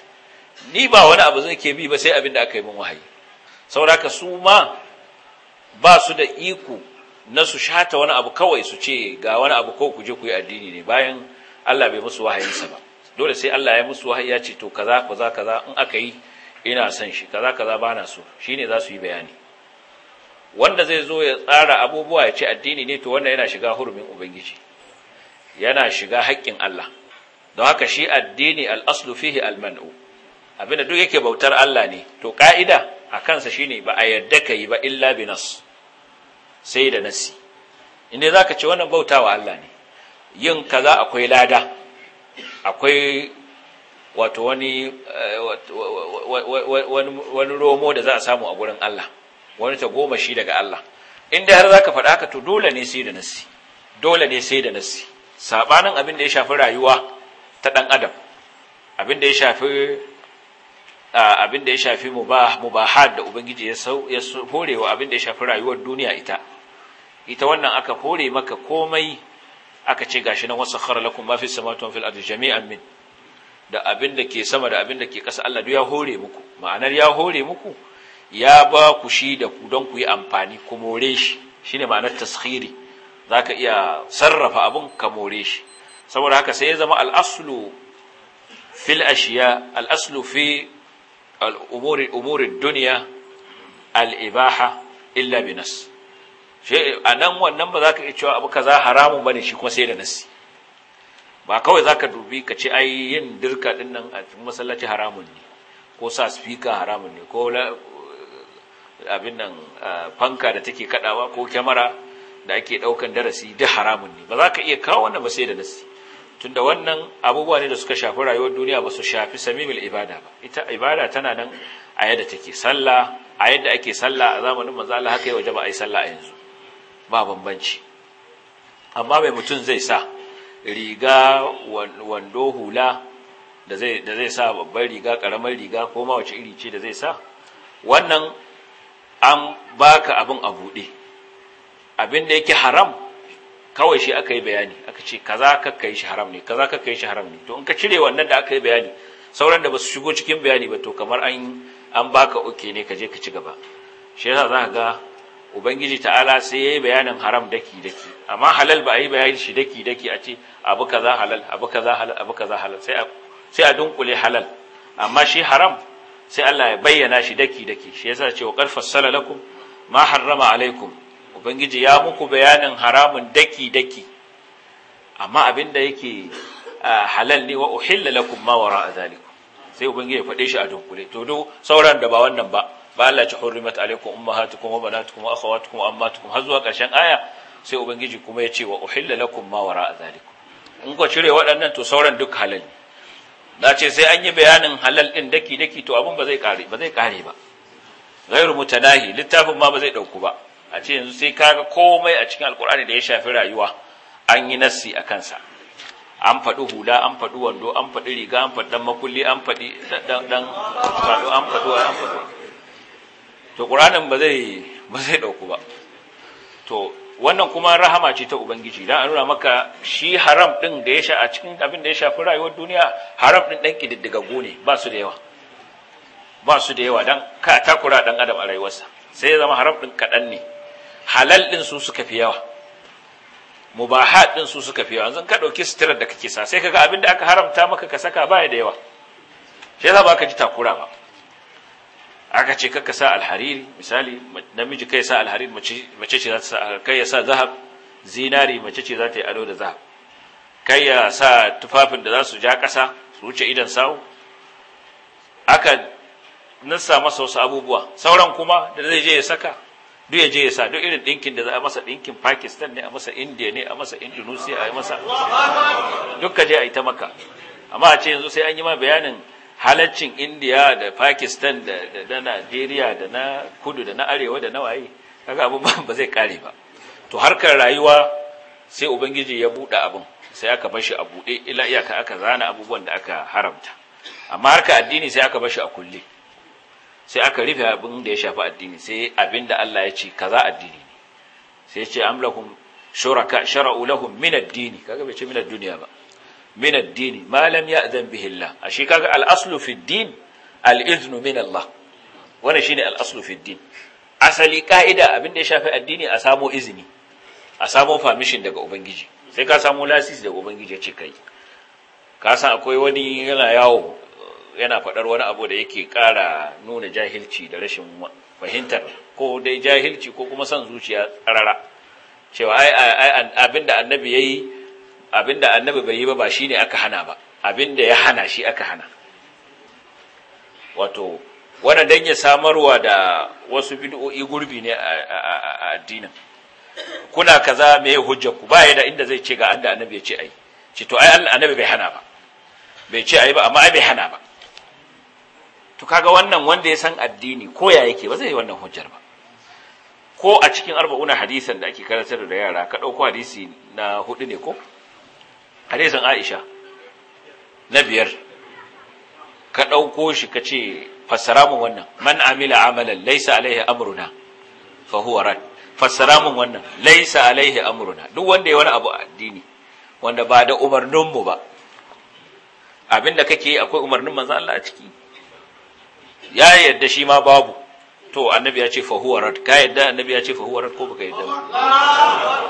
ni ba wani abu zan ke bi ba sai abin da aka yi min wahayi saboda ka su ma ba su da iko na su shata wani abu kawai su ce ga wani abu ko ku je ku yi addini ne bayan Allah bai musu wahayinsa ba dole sai Allah ya musu wahayi ya ce to kaza kaza kaza in aka yi ina son shi kaza kaza bana su, so shine za su yi bayani wanda zai zo ya tsara abubuwa ya ce addini ne to wannan yana shiga hurumin ubangiji yana shiga haƙƙin Allah don haka shi addini al-aslu fihi al-man'u abinda duk yake bautar Allah ne to ka'ida a kansa shine ba a yarda ka yi ba illa bi nas sai da nasi inda zaka ce wannan bautawa Allah ne yin kaza akwai lada akwai wato eh, wani wani romo da za a samu a gurin Allah wani ta goma shi daga Allah inda har zaka faɗa haka to dole ne sai da nasi dole ne sai da nasi sabanin abin da ya shafi rayuwa ta dan adam abin da ya shafi abin da ya shafi mubahat da ubangiji ya horewa abin da ya shafi rayuwar duniya ita ita wannan aka hore maka komai aka ce gashi nan wasakhara lakum ma fi samawati wa fil ardi jami'an min da abin da ke sama da abin da ke kasa Allah duk ya hore muku ma'anar ya hore muku ya ba ku shi da ku don ku yi amfani ku more shi shine ma'anar taskhiri zaka iya sarrafa abun ka more shi saboda haka sai ya zama al-aslu fil ashiya al-aslu fi al-umuri umuri umuri dunya al-ibaha illa bi nas she a nan wannan ba za ka iya cewa abu kaza haramun ba ne shi kuma sai da nasi ba kawai za ka dubi ka ce ai yin dirka din nan a masallaci haramun ne ko sa speaker haramun ne ko abin nan fanka da take kaɗawa ko kyamara da ake ɗaukan darasi duk haramun ne ba za ka iya kawo wannan ba sai da nasi tunda wannan abubuwa ne da suka shafi rayuwar duniya ba su shafi samimil ibada ba ita ibada tana nan a yadda take sallah a yadda ake sallah a zamanin manzo Allah haka yau waje ba ai sallah a yanzu ba bambanci amma mai mutum zai sa riga wando hula da zai sa babbar riga karamar riga ko ma wace iri ce da zai sa wannan an baka abin a buɗe abin da yake haram kawai shi aka yi bayani aka ce kaza kakka yi shi haram ne kaza kakka yi shi haram ne to in ka cire wannan da aka yi bayani sauran da ba su shigo cikin bayani ba to kamar an an baka oke ne ka je ka ci gaba shi yasa za ka ga ubangiji ta'ala sai ya yi bayanin haram daki daki amma halal ba a yi bayanin shi daki daki a ce abu kaza halal abu kaza halal abu kaza halal sai a dunkule halal amma shi haram sai Allah ya bayyana shi daki daki shi yasa ce wa qarfassala lakum ma harrama alaikum ubangiji ya muku bayanin haramun daki daki amma abinda yake halal ne wa uhilla lakum ma a zalikum sai ubangiji ya faɗe shi a dunkule to do sauran da ba wannan ba ba Allah ci hurrimat alaikum ummahatukum wa banatukum wa akhawatukum wa ammatukum har zuwa ƙarshen aya sai ubangiji kuma ya ce wa uhilla lakum ma wara zalikum in ko cire waɗannan to sauran duk halal na ce sai an yi bayanin halal din daki daki to abun ba zai kare ba zai kare ba ghairu mutanahi littafin ma ba zai dauku ba a ce yanzu sai kaga komai a cikin alkur'ani da ya shafi rayuwa an yi nassi a kansa an faɗi hula an faɗi wando an faɗi riga an faɗi dan makulli an faɗi dan dan an faɗi an faɗi to ƙuranin ba zai ɗauku ba to wannan kuma rahama ce ta ubangiji don a nuna maka shi haram ɗin da ya sha a cikin abin da ya shafi rayuwar duniya haram ɗin ɗan ƙididdiga ne ba su da yawa ba su da yawa dan ka takura ɗan adam a rayuwarsa sai ya zama haram ɗin kaɗan ne halal ɗin su suka fi yawa mubahat ɗin su suka fi yawa yanzu ka ɗauki sitirar da kake sa sai kaga abin da aka haramta maka ka saka baya da yawa shi yasa ba ka ji takura ba aka ce kakka sa alhariri misali namiji kai sa alhariri mace ce za ta sa kai ya sa zahab zinari mace ce za ta yi ado da zahab kai ya sa tufafin da za su ja ƙasa su wuce idan sawu aka nasa masa wasu abubuwa sauran kuma da zai je ya saka duk ya je ya sa duk irin ɗinkin da za a masa ɗinkin pakistan ne a masa india ne a masa indonesia a masa duk ka je a yi ta maka amma a ce yanzu sai an yi ma bayanin halaccin indiya da pakistan da da najeriya da na kudu da na arewa da na waye kaga abin ba zai kare ba to harkar rayuwa sai ubangiji ya buɗe abin sai aka bashi a buɗe ila iyaka aka zana abubuwan da aka haramta amma harkar addini sai aka bashi a kulle sai aka rufe abin da ya shafi addini sai abinda Allah ya ce kaza addini sai ya ce amlakum shuraka shara'u lahum min addini kaga bai ce min duniya ba min ad-din ma lam ya'zan Allah ashe kaga al-aslu fi al-iznu min Allah wannan shine al'aslu aslu asali ka'ida abin da ya shafi addini a samo izini a samo permission daga ubangiji sai ka samo lasisi da ubangiji ya ce kai ka san akwai wani yana yawo yana faɗar wani abu da yake ƙara nuna jahilci da rashin fahimtar, ko dai jahilci ko kuma son zuciya tsarara cewa ai abinda annabi yayi abinda annabi bai yi ba ba shine aka hana ba abinda ya hana shi aka hana wato wannan dan ya samarwa da wasu bid'o'i gurbi ne a addinin kuna kaza me hujjar ku baya da inda zai ce ga Allah annabi ya ce ai ce to ai annabi bai hana ba bai ce ai ba amma ai bai hana ba to kaga wannan wanda ya san addini ko ya yake ba zai yi wannan hujjar ba ko a cikin arba'una hadisan da ake karantar da yara ka ɗauko hadisi na hudu ne ko hadisin aisha na biyar ka ɗauko shi ka ce fassara mun wannan man amila amalan laisa alaihi amruna fa huwa rad fassara wannan laisa alaihi amruna duk wanda ya wani abu addini wanda ba da umarnin mu ba abinda kake akwai umarnin manzo Allah a ciki ya yarda shi ma babu to annabi ya ce fahuwarat ka yadda annabi ya ce fahuwarat ko baka yadda ba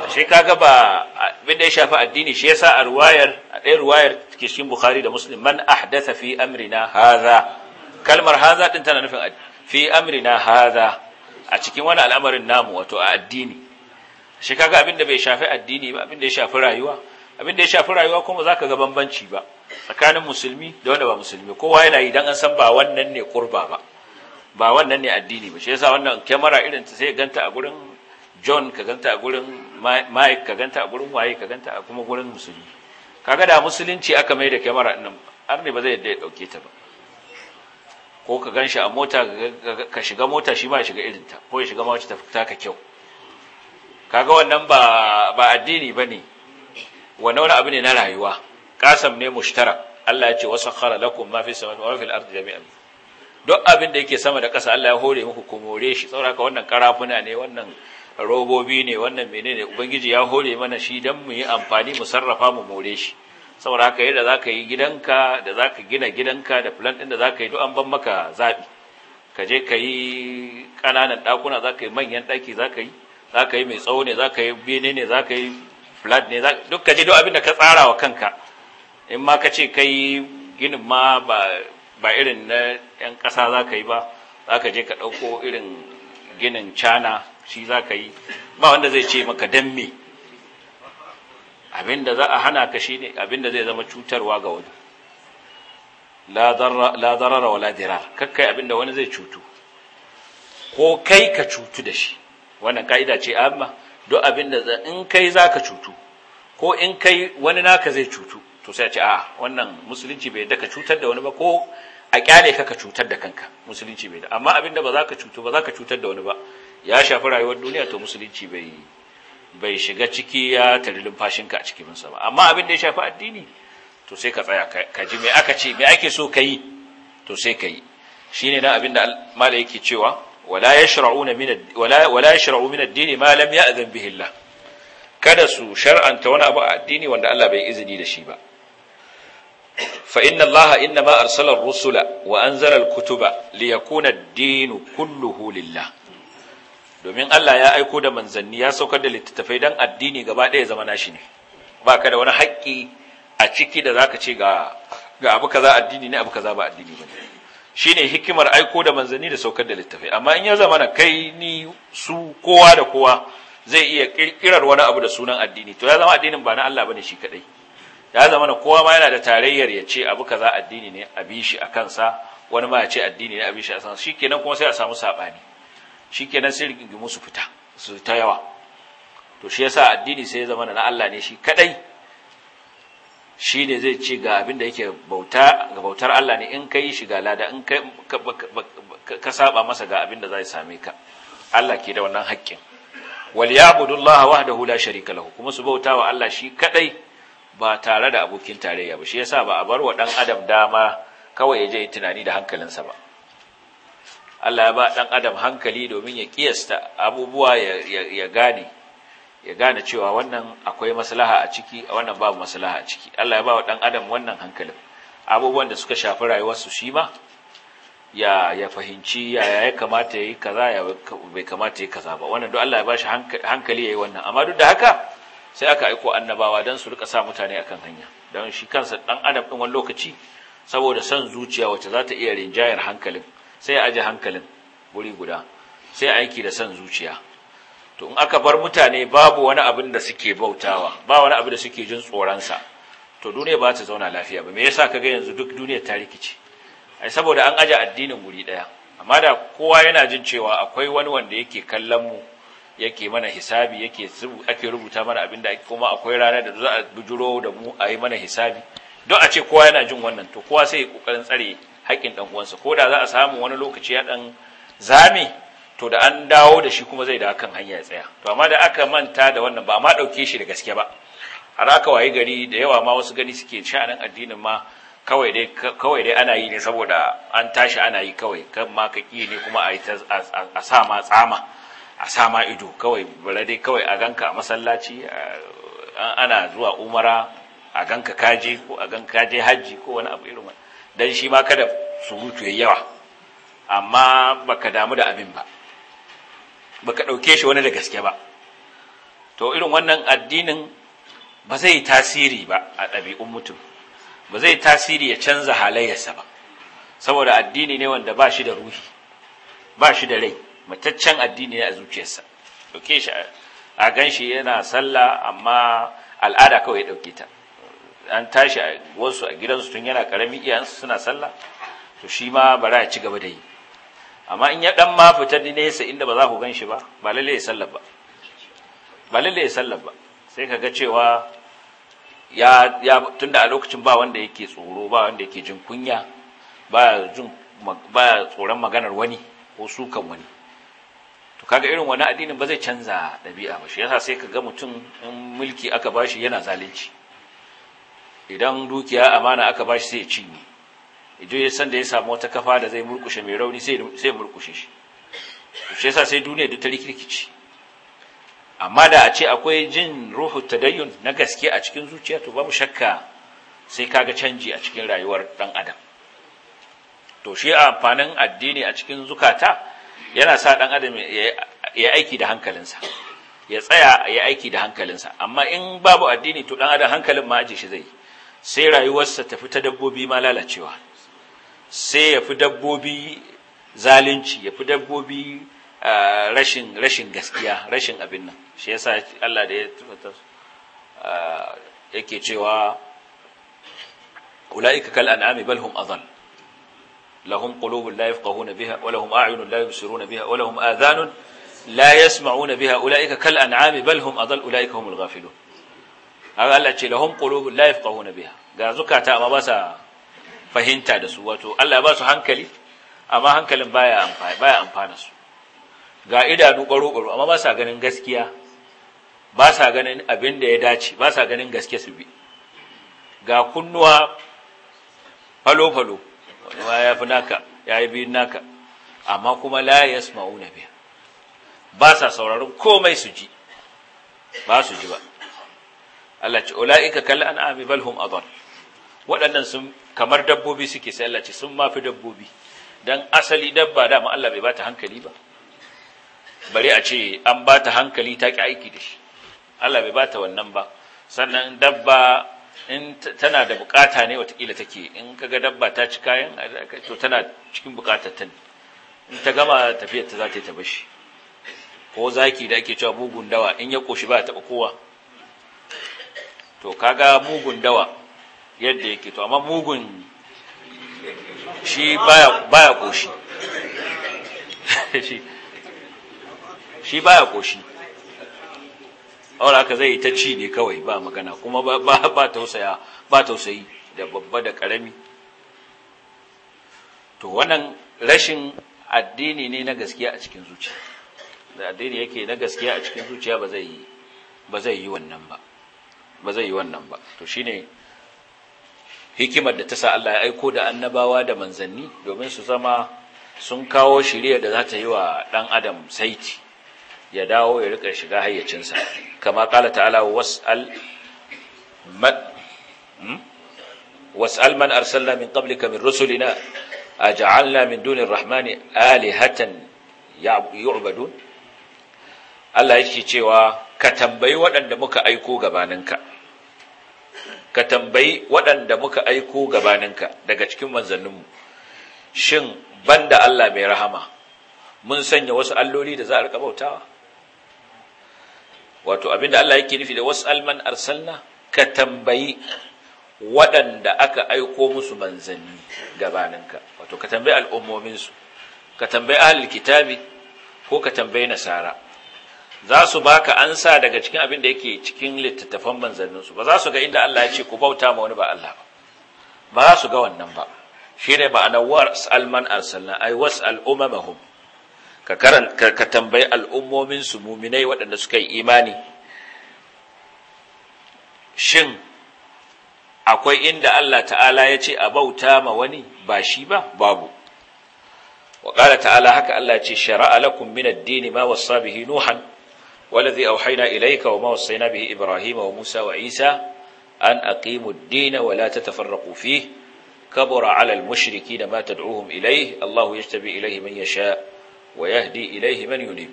shi kaga ba abin da ya shafi addini shi yasa a ruwayar a ɗaya ruwayar ke cikin bukhari da muslim man ahdatha fi amrina haza. kalmar haza din tana nufin fi amrina haza a cikin wani al'amarin namu wato a addini shi kaga abin da bai shafi addini ba abin da ya shafi rayuwa abin da ya shafi rayuwa kuma zaka ga bambanci ba tsakanin musulmi da wanda ba musulmi kowa yana yi dan an san ba wannan ne kurba ba ba wannan ne addini ba shi yasa wannan kyamara irin ta sai ganta a gurin John ka ganta a gurin Mike ka ganta a gurin waye ka ganta a kuma gurin musulmi kaga da musulunci aka mai da kyamara nan har ne ba zai yadda ya dauke ta ba ko ka ganshi a mota ka shiga mota shi ma ya shiga irin ta ko ya shiga ma wacce ta fita ka kyau kaga wannan ba ba addini bane wannan wani abu ne na rayuwa kasam ne mushtarak Allah ya ce wasakhara lakum ma fi samawati wa fil ardi jami'an duk abin da yake sama da ƙasa Allah ya hore muku ku more shi sauraka wannan karafuna ne wannan robobi ne wannan menene ubangiji ya hore mana shi dan mu yi amfani mu sarrafa mu more shi sauraka yadda zaka yi gidanka da zaka gina gidanka da plan din da zaka yi duk an ban maka zabi ka je ka yi ƙananan ɗakuna zaka yi manyan ɗaki zaka yi zaka yi mai tsawo ne zaka yi bene ne zaka yi flat ne duk ka je duk abin da ka tsara wa kanka in ma ka ce kai ginin ma ba ba irin na 'yan ƙasa za ka yi ba za ka je ka ɗauko irin ginin cana shi za ka yi ba wanda zai ce maka don me abinda za a hana ka shi ne abinda zai zama cutarwa ga wani la zarara wala dirar kakkai abinda wani zai cutu ko kai ka cutu da shi wannan ka'ida ce amma duk abinda in kai za ka cutu ko in kai wani naka zai cutu to sai a ce a wannan musulunci bai daka cutar da wani ba ko a kyale ka ka cutar da kanka musulunci bai da amma abin da ba za ka cutu ba za ka cutar da wani ba ya shafi rayuwar duniya to musulunci bai bai shiga ciki ya tari lumfashinka a cikin sa ba amma abin da ya shafi addini to sai ka tsaya ka ji me aka ce me ake so ka yi to sai ka yi shine nan abin da mala yake cewa wala yashra'una min wala wala yashra'u min addini din ma lam ya'zan bihi Allah kada su shar'anta wani abu a addini wanda Allah bai izini da shi ba fa inna allaha inna ma arsala rusula wa anzala kutuba li yakuna ad-din kulluhu domin Allah ya aiko da manzanni ya saukar da littattafai dan addini gaba ɗaya zama nashi ne ba ka da wani haƙƙi a ciki da zaka ce ga ga abu kaza addini ne abu kaza ba addini bane shine hikimar aiko da manzanni da saukar da littattafai amma in ya zama na kai ni su kowa da kowa zai iya kirkirar wani abu da sunan addini to ya zama addinin ba na Allah bane shi kadai ya zama na kowa ma yana da tarayyar ya ce abu kaza addini ne a bi shi a kansa wani ma ya ce addini ne a bi shi a kansa shikenan kuma sai a samu sabani shikenan sai rigingimu su fita su ta yawa to shi yasa addini sai ya zama na Allah ne shi kadai shi ne zai ce ga abin da yake bauta ga bautar Allah ne in kai shi ga lada in kai ka saba masa ga abin da zai same ka Allah ke da wannan haƙƙin wal ya'budu Allah wahdahu la sharika lahu kuma su bauta wa Allah shi kadai ba tare da abokin tarayya ba shi yasa ba a bar wa dan adam dama kawai ya je yi tunani da hankalinsa ba Allah ya ba dan adam hankali domin ya kiyasta abubuwa ya gane ya gane cewa wannan akwai maslaha a ciki wannan babu maslaha a ciki Allah ya ba wa dan adam wannan hankalin abubuwan da suka shafi rayuwarsu shi ma ya ya fahimci ya ya kamata yayi kaza ya bai kamata yayi kaza ba wannan duk Allah ya bashi hankali yayi wannan amma duk da haka sai aka aiko annabawa don su rika sa mutane akan hanya don shi kansa ɗan adam din wani lokaci saboda son zuciya wacce za ta iya rinjayar hankalin sai a aje hankalin guri guda sai aiki da son zuciya to in aka bar mutane babu wani abin da suke bautawa ba wani abin da suke jin tsoronsa to duniya ba ta zauna lafiya ba me yasa ga yanzu duk duniya ta rikice ai saboda an aje addinin guri daya amma da kowa yana jin cewa akwai wani wanda yake kallon mu yake mana hisabi yake ake rubuta mana abin abinda kuma akwai rana da za a bujuro da mu a yi mana hisabi don a ce kowa yana jin wannan to kowa sai kokarin tsare haƙƙin dan uwansa ko da za a samu wani lokaci ya dan zame to da an dawo da shi kuma zai da kan hanya ya tsaya to amma da aka manta da wannan ba amma dauke shi da gaske ba har aka wayi gari da yawa ma wasu gani suke nan addinin ma kawai dai kawai dai ana yi ne saboda an tashi ana yi kawai kan ma ka ne kuma a sa ma tsama a sama ido kawai bare dai kawai a ganka a masallaci ana zuwa umara a ganka kaje ko a ganka kaje hajji ko wani abu irin dan shi ma kada surutu yayi yawa amma baka damu da abin ba baka dauke shi wani da gaske ba to irin wannan addinin ba zai tasiri ba a ɗabi'un mutum ba zai tasiri ya canza halayyarsa ba saboda addini ne wanda ba shi da ruhi ba shi da rai mataccen addini ne a zuciyarsa dauke shi a gan shi yana sallah amma al'ada kawai ya dauke ta an tashi wasu a gidansu tun yana karami iyansu suna sallah to shi ma bara ya ci gaba da yi amma in ya dan ma fita nesa inda ba za ku gan shi ba ba lalle ya sallah ba ba lalle ya sallah ba sai ka ga cewa ya ya tunda a lokacin ba wanda yake tsoro ba wanda yake jin kunya ba jin ba tsoron maganar wani ko sukan wani kaga irin wani addinin ba zai canza ɗabi'a ba shi yasa sai ka ga mutum in mulki aka bashi yana zalunci idan dukiya amana aka bashi sai ya cinye idan ya san da ya samu wata kafa da zai murkushe mai rauni sai ya murkushe shi shi yasa sai duniya duk ta rikirkici amma da a ce akwai jin ruhu tadayyun na gaske a cikin zuciya to babu shakka sai kaga canji a cikin rayuwar dan adam to shi amfanin addini a cikin zukata yana sa ɗan adam ya aiki da hankalinsa ya tsaya ya aiki da hankalinsa amma in babu addini to ɗan adam hankalin ma aji shi zai sai rayuwarsa tafi ta dabbobi ma lalacewa sai ya fi dabbobi zalunci ya fi dabbobi ah, rashin rashin gaskiya rashin abin nan shi ya sa Allah da ya tafata ah, yake cewa ulaika kal an'ami bal hum adall lahum qulubun la yafqahuna biha wa lahum a'yunun la yubsiruna biha wa lahum adhanun la yasma'una biha ulaika kal an'ami bal hum adall ulaika humul ghafilun haka Allah ce lahum qulubun la yafqahuna biha ga zukata amma ba fahimta da su wato Allah basu ba su hankali amma hankalin baya amfana su ga idanu baro baro amma ba ganin gaskiya ba sa ganin ya dace basa ganin gaske su bi ga kunnuwa falo falo wani ma ya fi naka ya yi biyun naka amma kuma la ya na biya ba sa sauraron komai su ji ba su ji ba Allah ce ula'ika kalli an'ami bal hum adon waɗannan sun kamar dabbobi suke sai Allah ce sun mafi dabbobi don asali dabba dama Allah bai bata hankali ba bari a ce an bata hankali ta ki aiki da shi Allah bai bata wannan ba sannan dabba in tana da bukata ne watakila take in kaga dabba ta ci kayan to tana cikin bukatar ta ne in ta gama tafiyar ta za ta yi ta bashi ko zaki da ake cewa mugun dawa in ya koshi ba taɓa kowa to kaga mugun dawa yadda yake to amma mugun shi baya baya koshi shi baya koshi aure haka zai ta ci ne kawai ba magana kuma ba tausaya ba tausayi da babba da karami to wannan rashin addini ne na gaskiya a cikin zuciya da addini yake na gaskiya a cikin zuciya ba zai yi ba zai yi wannan ba ba zai yi wannan ba to shine hikimar da ta sa Allah ya aiko da annabawa da manzanni domin su zama sun kawo shirye da za ta yi wa ɗan adam saiti ya dawo ya rika shiga hayyacinsa kama kala ta'ala was'al man hmm? was'al man arsalna min qablika min rusulina aj'alna min dunir rahmani alihatan yu'badun Allah yake cewa ka tambayi waɗanda muka aiko gabaninka ka tambayi waɗanda muka aiko gabaninka daga cikin manzanninmu shin banda Allah mai rahama mun sanya wasu alloli da za a rika bautawa wato abinda Allah yake nufi da wasu man arsalna ka tambayi waɗanda aka aiko musu manzanni gabaninka wato ka tambayi al'ummominsu ka tambayi ahlul kitabi ko ka tambayi nasara za su baka ansa daga cikin abin da yake cikin littattafan manzanninsu ba za su ga inda Allah ya ce ku bauta ma wani ba Allah ba ba za su ga wannan ba shine ma'anar was'al man arsalna ay was'al umamahum ka ka tambayi al’ummomin su muminai waɗanda suka yi imani shin akwai inda Allah ta’ala ya ce a bauta ma wani ba shi ba babu wa ta’ala haka Allah ce shara’a lakun minar dini ma wasa bihi nuhan wadda zai auhai ilaika wa ma wasa yana bihi ibrahima wa musa wa isa an aqimud dina wa la tatafarraqu fihi kabura ala al mushriki da ma tad'uhum ilayhi allah yajtabi ilayhi man yasha' wa yahdi ilaihi man yunib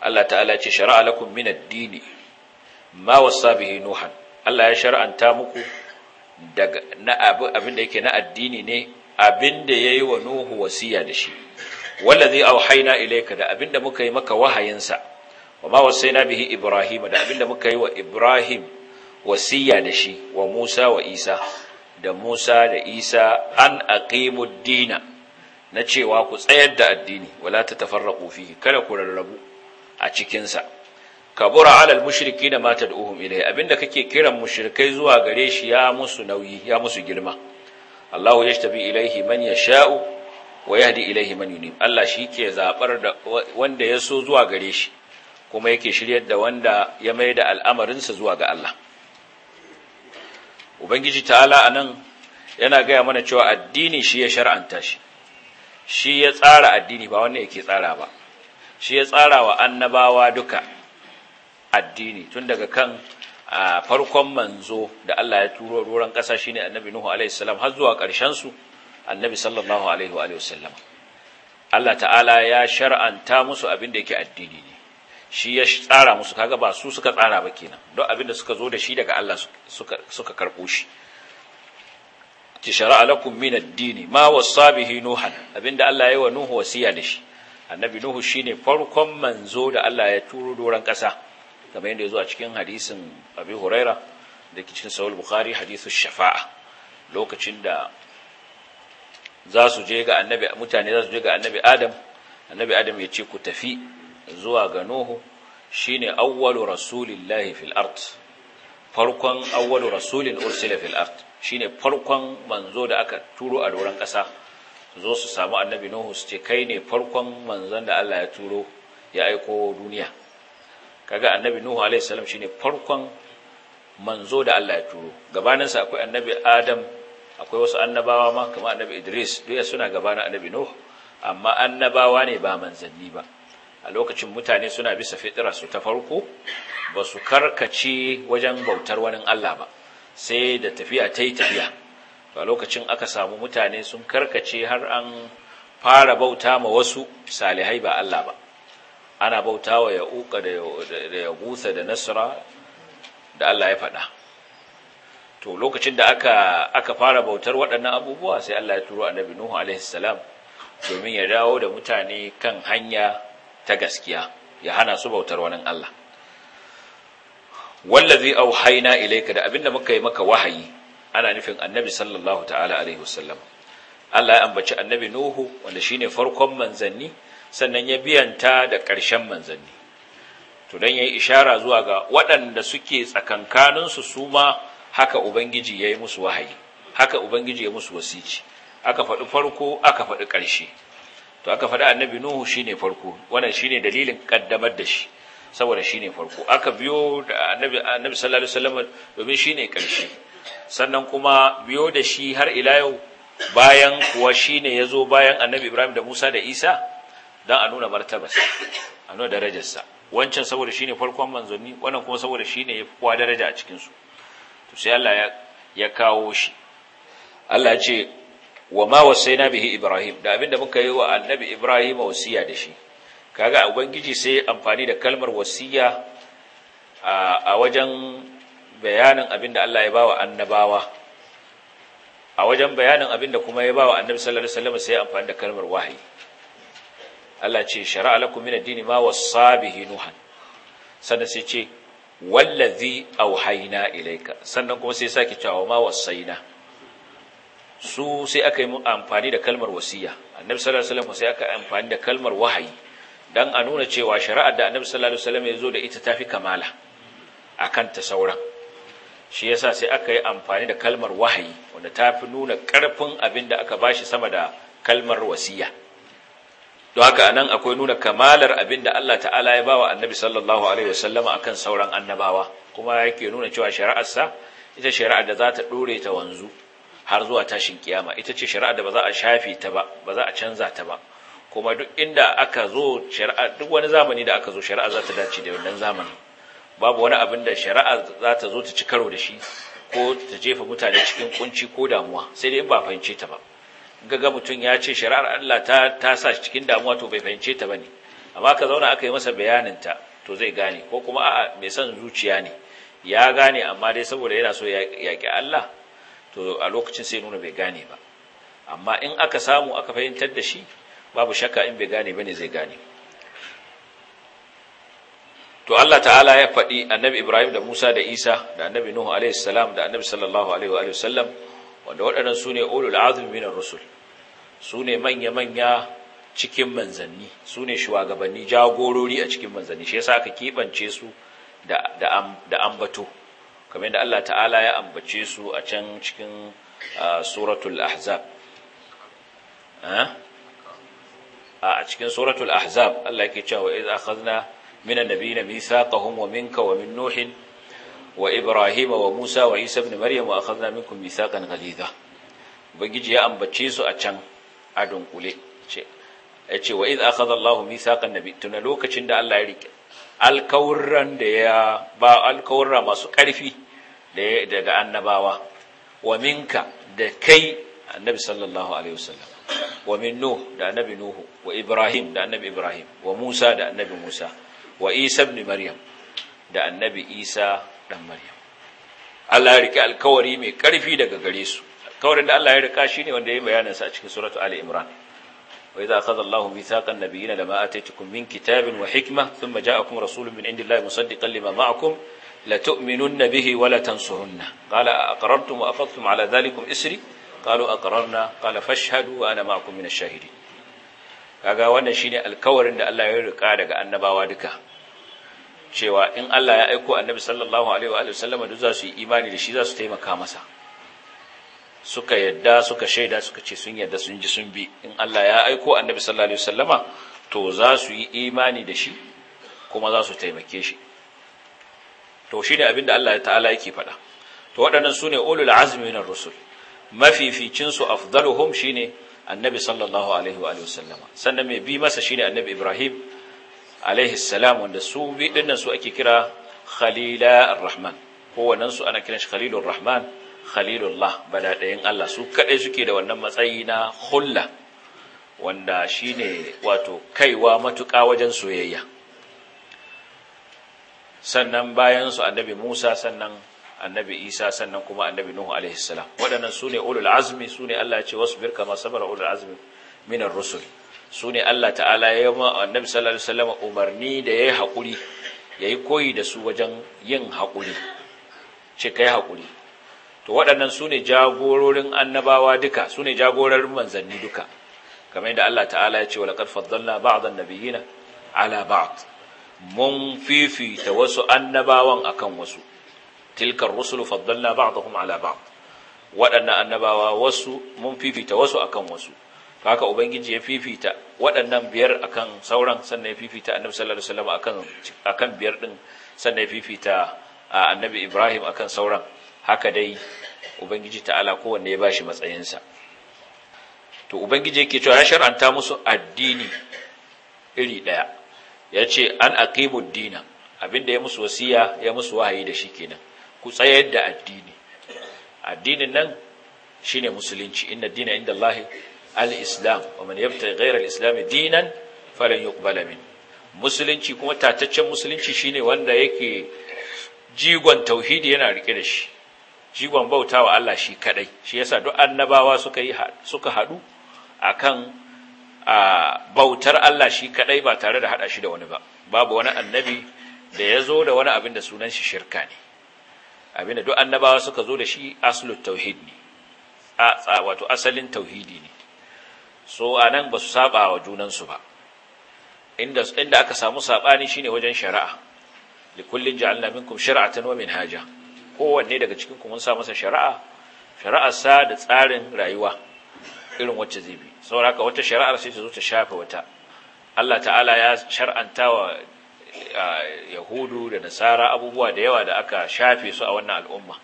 Allah ta'ala ce shara'a lakum min ad-dini ma bihi nuhan Allah ya shar'anta muku daga na abin da yake na addini ne abin da yayi wa nuhu wasiya da shi wallazi auhayna ilayka da abin da muka yi maka wahayinsa wa ma wasaina bihi ibrahima da abin da muka yi wa ibrahim wasiya da shi wa musa wa isa da musa da isa an aqimu dina na cewa ku tsayar da addini wala ta tafarraqu fi kada ku rarrabu a cikin sa kabura alal mushrikina da uhum ilai, abinda kake kiran mushrikai zuwa gare shi ya musu nauyi ya musu girma Allah ya shtabi ilaihi man yasha'u wa yahdi ilaihi man yunib Allah ke zabar da wanda ya so zuwa gare shi kuma yake shiryar da wanda ya mai da al'amarinsa zuwa ga Allah ubangiji ta'ala anan yana gaya mana cewa addini shi ya shar'anta shi shi ya tsara addini ba wanne yake tsara ba shi ya tsara wa annabawa duka addini tun daga kan farkon manzo da Allah ya turo ruran ƙasa shine annabi nuhu alaihi salam har zuwa ƙarshen su annabi sallallahu alaihi wa sallam Allah ta'ala ya shar'anta musu abin da yake addini ne shi ya tsara musu kaga ba su suka tsara ba kenan don abin da suka zo da shi daga Allah suka suka karɓo shi ki shara'a lakum min ad-din ma wassa bihi nuhan abinda Allah ya yi wa nuhu wasiya da shi annabi nuhu shine farkon manzo da Allah ya turo doron kasa kamar yadda yazo a cikin hadisin abi huraira da cikin sahih bukhari hadithu shafa'a lokacin da mutane za su je ga annabi adam ya ce ku tafi zuwa ga nuhu shine awwalu rasulillahi fil ard farkon awwalu rasulin ursila fil ard shine farkon manzo da aka turo a doron ƙasa zo su samu annabi nuhu su ce kai ne farkon manzon da Allah ya turo ya aiko duniya kaga annabi nuhu alaihi salam shine farkon manzo da Allah ya turo gabaninsa akwai annabi adam akwai wasu annabawa ma kamar annabi idris duka suna gabanin annabi nuhu amma annabawa ne ba manzanni ba a lokacin mutane suna bisa fitira su ta farko ba su karkace wajen bautar wani Allah ba sai da tafiya ta yi tafiya to a lokacin aka samu mutane sun karkace har an fara bauta ma wasu salihai ba Allah ba ana bauta wa ya uka da ya gusa da nasra da Allah ya faɗa to lokacin da aka aka fara bautar waɗannan abubuwa sai Allah ya turo annabi Nuhu alaihi salam domin ya dawo da mutane kan hanya ta gaskiya ya hana su bautar wani Allah wallazi auhayna ilayka da abinda muka yi maka wahayi ana nufin annabi sallallahu ta'ala alaihi wasallam Allah ya ambaci annabi Nuhu wanda shine farkon manzanni sannan ya biyanta da ƙarshen manzanni to dan yayi ishara zuwa ga waɗanda suke tsakankanin su suma haka ubangiji yayi musu wahayi haka ubangiji ya musu wasici aka faɗi farko aka faɗi ƙarshe to aka faɗi annabi Nuhu shine farko wannan shine dalilin kaddamar da shi saboda shine farko aka biyo da annabi annabi sallallahu alaihi wasallam domin shine karshe sannan kuma biyo da shi har ila yau bayan kuwa shine yazo bayan annabi Ibrahim da Musa da Isa dan a nuna martabar a nuna darajarsa wancan saboda shine farkon manzanni wannan kuma saboda shine yafi kuwa daraja a cikin su to sai Allah ya ya kawo shi Allah ya ce wa ma wasaina bihi Ibrahim da abinda muka yi wa annabi Ibrahim wasiya da shi kaga ubangiji sai amfani da kalmar wasiya a wajen bayanin abinda Allah ya bawa annabawa a wajen bayanin abinda kuma ya bawa annabi sallallahu alaihi wasallam sai amfani da kalmar wahayi Allah ce shar'a lakum min ad-dini ma wassa bihi nuhan sannan sai ce wallazi auhayna ilayka sannan kuma sai saki cewa ma wasaina su sai aka yi amfani da kalmar wasiya annabi sallallahu alaihi wasallam sai aka amfani da kalmar wahayi dan a nuna cewa shari'ar da annabi sallallahu alaihi wasallam ya zo da ita tafi kamala akan ta sauran shi yasa sai aka yi amfani da kalmar wahayi wanda tafi nuna karfin abin da aka bashi sama da kalmar wasiya don haka anan akwai nuna kamalar abin da Allah ta'ala ya bawa annabi sallallahu alaihi wasallam akan sauran annabawa kuma yake nuna cewa shari'ar sa ita shari'ar da za ta dore ta wanzu har zuwa tashin kiyama ita ce shari'ar da ba za a shafe ta ba ba za a canza ta ba kuma duk inda aka zo shari'a duk wani zamani da aka zo shari'a za ta dace da wannan zamanin babu wani abin da shari'a za ta zo ta ci karo da shi ko ta jefa mutane cikin kunci ko damuwa sai dai in ba fahimce ta ba gaga mutum ya ce shari'ar Allah ta ta sa shi cikin damuwa to bai fahimce ta bane amma ka zauna aka yi masa bayanin ta to zai gane ko kuma a'a mai son zuciya ne ya gane amma dai saboda yana so ya ki Allah to a lokacin sai nuna bai gane ba amma in aka samu aka fahimtar da shi babu shakka in bai gane bane zai gane to Allah ta'ala ya faɗi annabi Ibrahim da Musa da Isa da annabi Nuhu alayhi salam da annabi sallallahu alaihi wa sallam wanda waɗannan su ne ulul azmi min rusul su ne manya-manya cikin manzanni su ne shugabanni jagorori a cikin manzanni shi yasa aka kibance su da da ambato kamar yadda Allah ta'ala ya ambace su a can cikin ah, suratul ahzab ah? a cikin suratul ahzab Allah yake cewa idza akhadna minan nabiyina mithaqahum wa minka wa min nuhin wa Ibrahim wa musa wa isa ibn maryam wa akhadna minkum mithaqan ghalidha ubangiji ya ambace su a can a dunkule ce yace wa idza akhadha Allahu mithaqan nabiy tuna lokacin da Allah ya rike alkawurran da ya ba alkawurra masu karfi daga annabawa wa minka da kai annabi sallallahu alaihi wasallam wa min nuh da annabi nuhu wa ibrahim da annabi ibrahim wa musa da annabi musa wa isa ibn maryam da annabi isa dan maryam Allah ya rike alkawari mai karfi daga gare su alkawarin da Allah ya rika shine wanda ya bayanin sa a cikin suratu ali imran wa idza akhadha Allahu mithaqan nabiyina lama ataytukum min kitabin wa hikma thumma ja'akum rasulun min indillahi musaddiqan lima ma'akum la tu'minunna bihi wa la tansurunna qala aqrartum wa akhadhtum ala dhalikum isri قالوا أقررنا قال فاشهدوا وأنا معكم من الشاهدين kaga wannan shine alkawarin da Allah ya rika daga annabawa duka cewa in Allah ya aiko annabi sallallahu alaihi wa alihi sallama duk su yi imani da shi za su taimaka masa suka yadda suka shaida suka ce sun yadda sun ji sun bi in Allah ya aiko annabi sallallahu alaihi wa sallam, to za su yi imani da shi kuma za su taimake shi to shine abinda Allah ta'ala yake faɗa to waɗannan sune ulul azmi minar rusul mafificinsu afdaluhum shine annabi sallallahu alaihi wa sallama sannan mai bi masa shine annabi ibrahim alaihi salam wanda su bi dinnan su ake kira khalila arrahman kowannen su ana kiran shi khalilur rahman khalilullah bada dayan Allah su kadai suke da wannan matsayi na hulla wanda shine wato kaiwa matuka wajen soyayya sannan bayan su annabi Musa sannan annabi Isa sannan kuma annabi Nuhu alaihi salam waɗannan sune ulul azmi ne Allah ya ce wasbir kama sabara ulul azmi minar rusul ne Allah ta'ala ya ma annabi sallallahu alaihi umarni da haƙuri hakuri yayi koyi da su wajen yin hakuri ce kai hakuri to waɗannan ne jagororin annabawa duka sune jagororin manzanni duka kamar yadda Allah ta'ala ya ce wa laqad faddalna ba'd an-nabiyina ala ba mun fifita wasu annabawan akan wasu tilkar rusulu faddalna ba'dahum ala ba'd waɗannan annabawa wasu mun fifita wasu akan wasu haka ubangiji ya fifita waɗannan biyar akan sauran sannan ya fifita annabi sallallahu alaihi wasallam akan akan biyar din sannan ya fifita annabi Ibrahim akan sauran haka dai ubangiji ta'ala kowanne ya bashi matsayinsa to ubangiji yake cewa ya shar'anta musu addini iri ɗaya ya ce an aqimu dina abinda ya musu wasiya ya musu wahayi da shi kenan ku tsayar da addini addinin nan shine musulunci inna dina inda Allah al-islam wa man yabtaghi ghayra al-islam dinan falan yuqbala min musulunci kuma tataccen musulunci shine wanda yake jigon tauhidi yana rike da shi jigon bautawa Allah shi kadai shi yasa duk annabawa suka yi suka hadu akan bautar Allah shi kadai ba tare da hada shi da wani ba babu wani annabi da ya zo da wani abin da sunan shi shirka ne abinda duk annabawa suka zo da shi aslu tauhid ne wato asalin tauhidi ne so nan ba su saba wa junansu ba inda inda aka samu sabani shine wajen shari'a likullin ja'alna minkum shari'atan wa minhaja kowanne daga cikin ku mun sa masa shari'a shari'ar sa da tsarin rayuwa irin wacce zai bi saboda wata shari'ar sai ta zo ta shafe wata Allah ta'ala ya shar'anta wa yahudu da nasara abubuwa da yawa da aka shafe su a wannan al'umma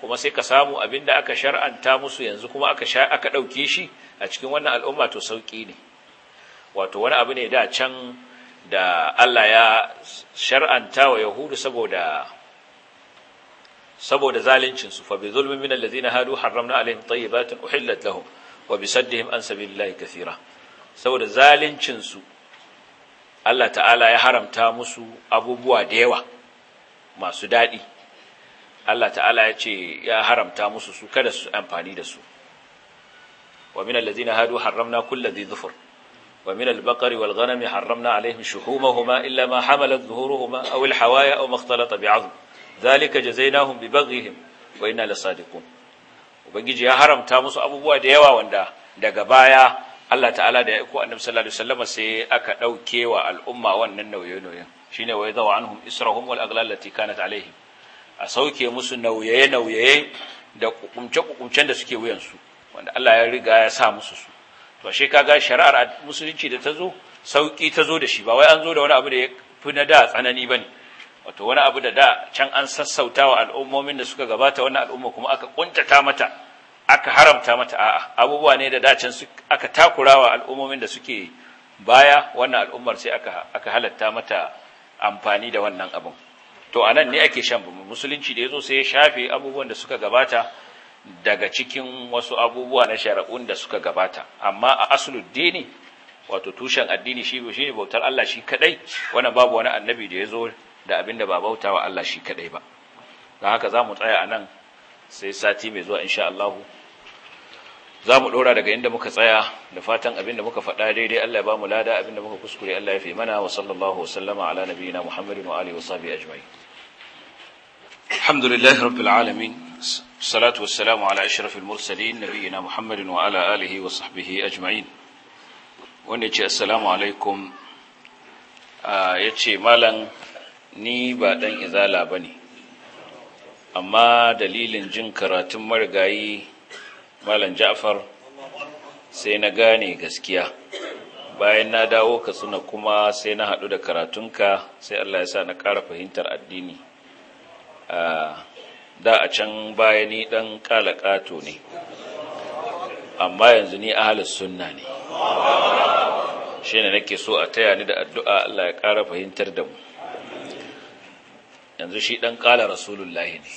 kuma sai ka samu abin da aka shar'anta musu yanzu kuma aka aka ɗauke shi a cikin wannan al'umma to sauƙi ne wato wani abu ne da can da Allah ya shar'anta wa yahudu saboda saboda zalincin su fa bi zulmin min allazina hadu harramna alaihim tayyibatin uhillat lahum wa bi saddihim an sabilillahi kathira saboda zaluncinsu. Allah ta'ala ya haramta musu abubuwa da yawa masu daɗi Allah ta'ala ya ce ya haramta musu su kada su amfani da su wa min allazina hadu harramna kulli dhi dhufur wa min al-baqari wal ghanami harramna alaihim shuhumahuma illa ma hamalat zuhuruhuma aw al-hawaya aw ma ikhtalata bi'adhm dhalika jazainahum bi baghihim wa inna lasadiqun ubangiji ya haramta musu abubuwa da yawa wanda daga baya Allah ta'ala da ya aiko annabi sallallahu alaihi wasallam sai aka dauke wa al'umma wannan nauye-nauyen shine wa yadawa anhum israhum wal aghlal lati kanat alaihim a sauke musu nauye-nauye da kukumce-kukumcen da suke su wanda Allah ya riga ya sa musu su to ashe kaga shari'ar musulunci da ta zo sauki ta zo da shi ba wai an zo da wani abu da ya fi na da tsanani bane wato wani abu da da can an wa al'ummomin da suka gabata wannan al'umma kuma aka kuntata mata aka haramta mata a'a abubuwa ne da dacin su aka takurawa al'ummomin da suke baya wannan al'ummar sai aka aka halatta mata amfani da wannan abun to anan ne ake shan musulunci da yazo sai ya shafe abubuwan da suka gabata daga cikin wasu abubuwa na shari'un da suka gabata amma a asuluddini wato tushen addini shi shine bautar Allah shi kadai wannan babu wani annabi da yazo da abinda ba bautawa Allah shi kadai ba don haka zamu tsaya anan sai sati mai zuwa insha Allah za mu ɗora daga inda muka tsaya da fatan abinda muka faɗa daidai Allah ya ba mu lada abinda muka kuskure Allah ya fi mana wa sallallahu wa sallama ala nabiyina Muhammadin wa alihi wa sahbihi ajma'in alhamdulillahi rabbil alamin salatu wassalamu ala ashrafil mursalin nabiyina Muhammadin wa ala alihi wa sahbihi ajma'in wanda ya ce assalamu alaikum ya ce malam ni ba dan izala bane amma dalilin jin karatun marigayi malam ja'far sai na gane gaskiya bayan na dawo ka katsina kuma sai na haɗu da karatunka sai allah ya sa na ƙara fahimtar addini da a can baya ni ɗan ƙalaƙato ne amma yanzu ni ahalus sunna ne shi ne nake so a taya ni da addu'a Allah ya ƙara fahimtar da mu yanzu shi ɗan ƙala rasulullahi ne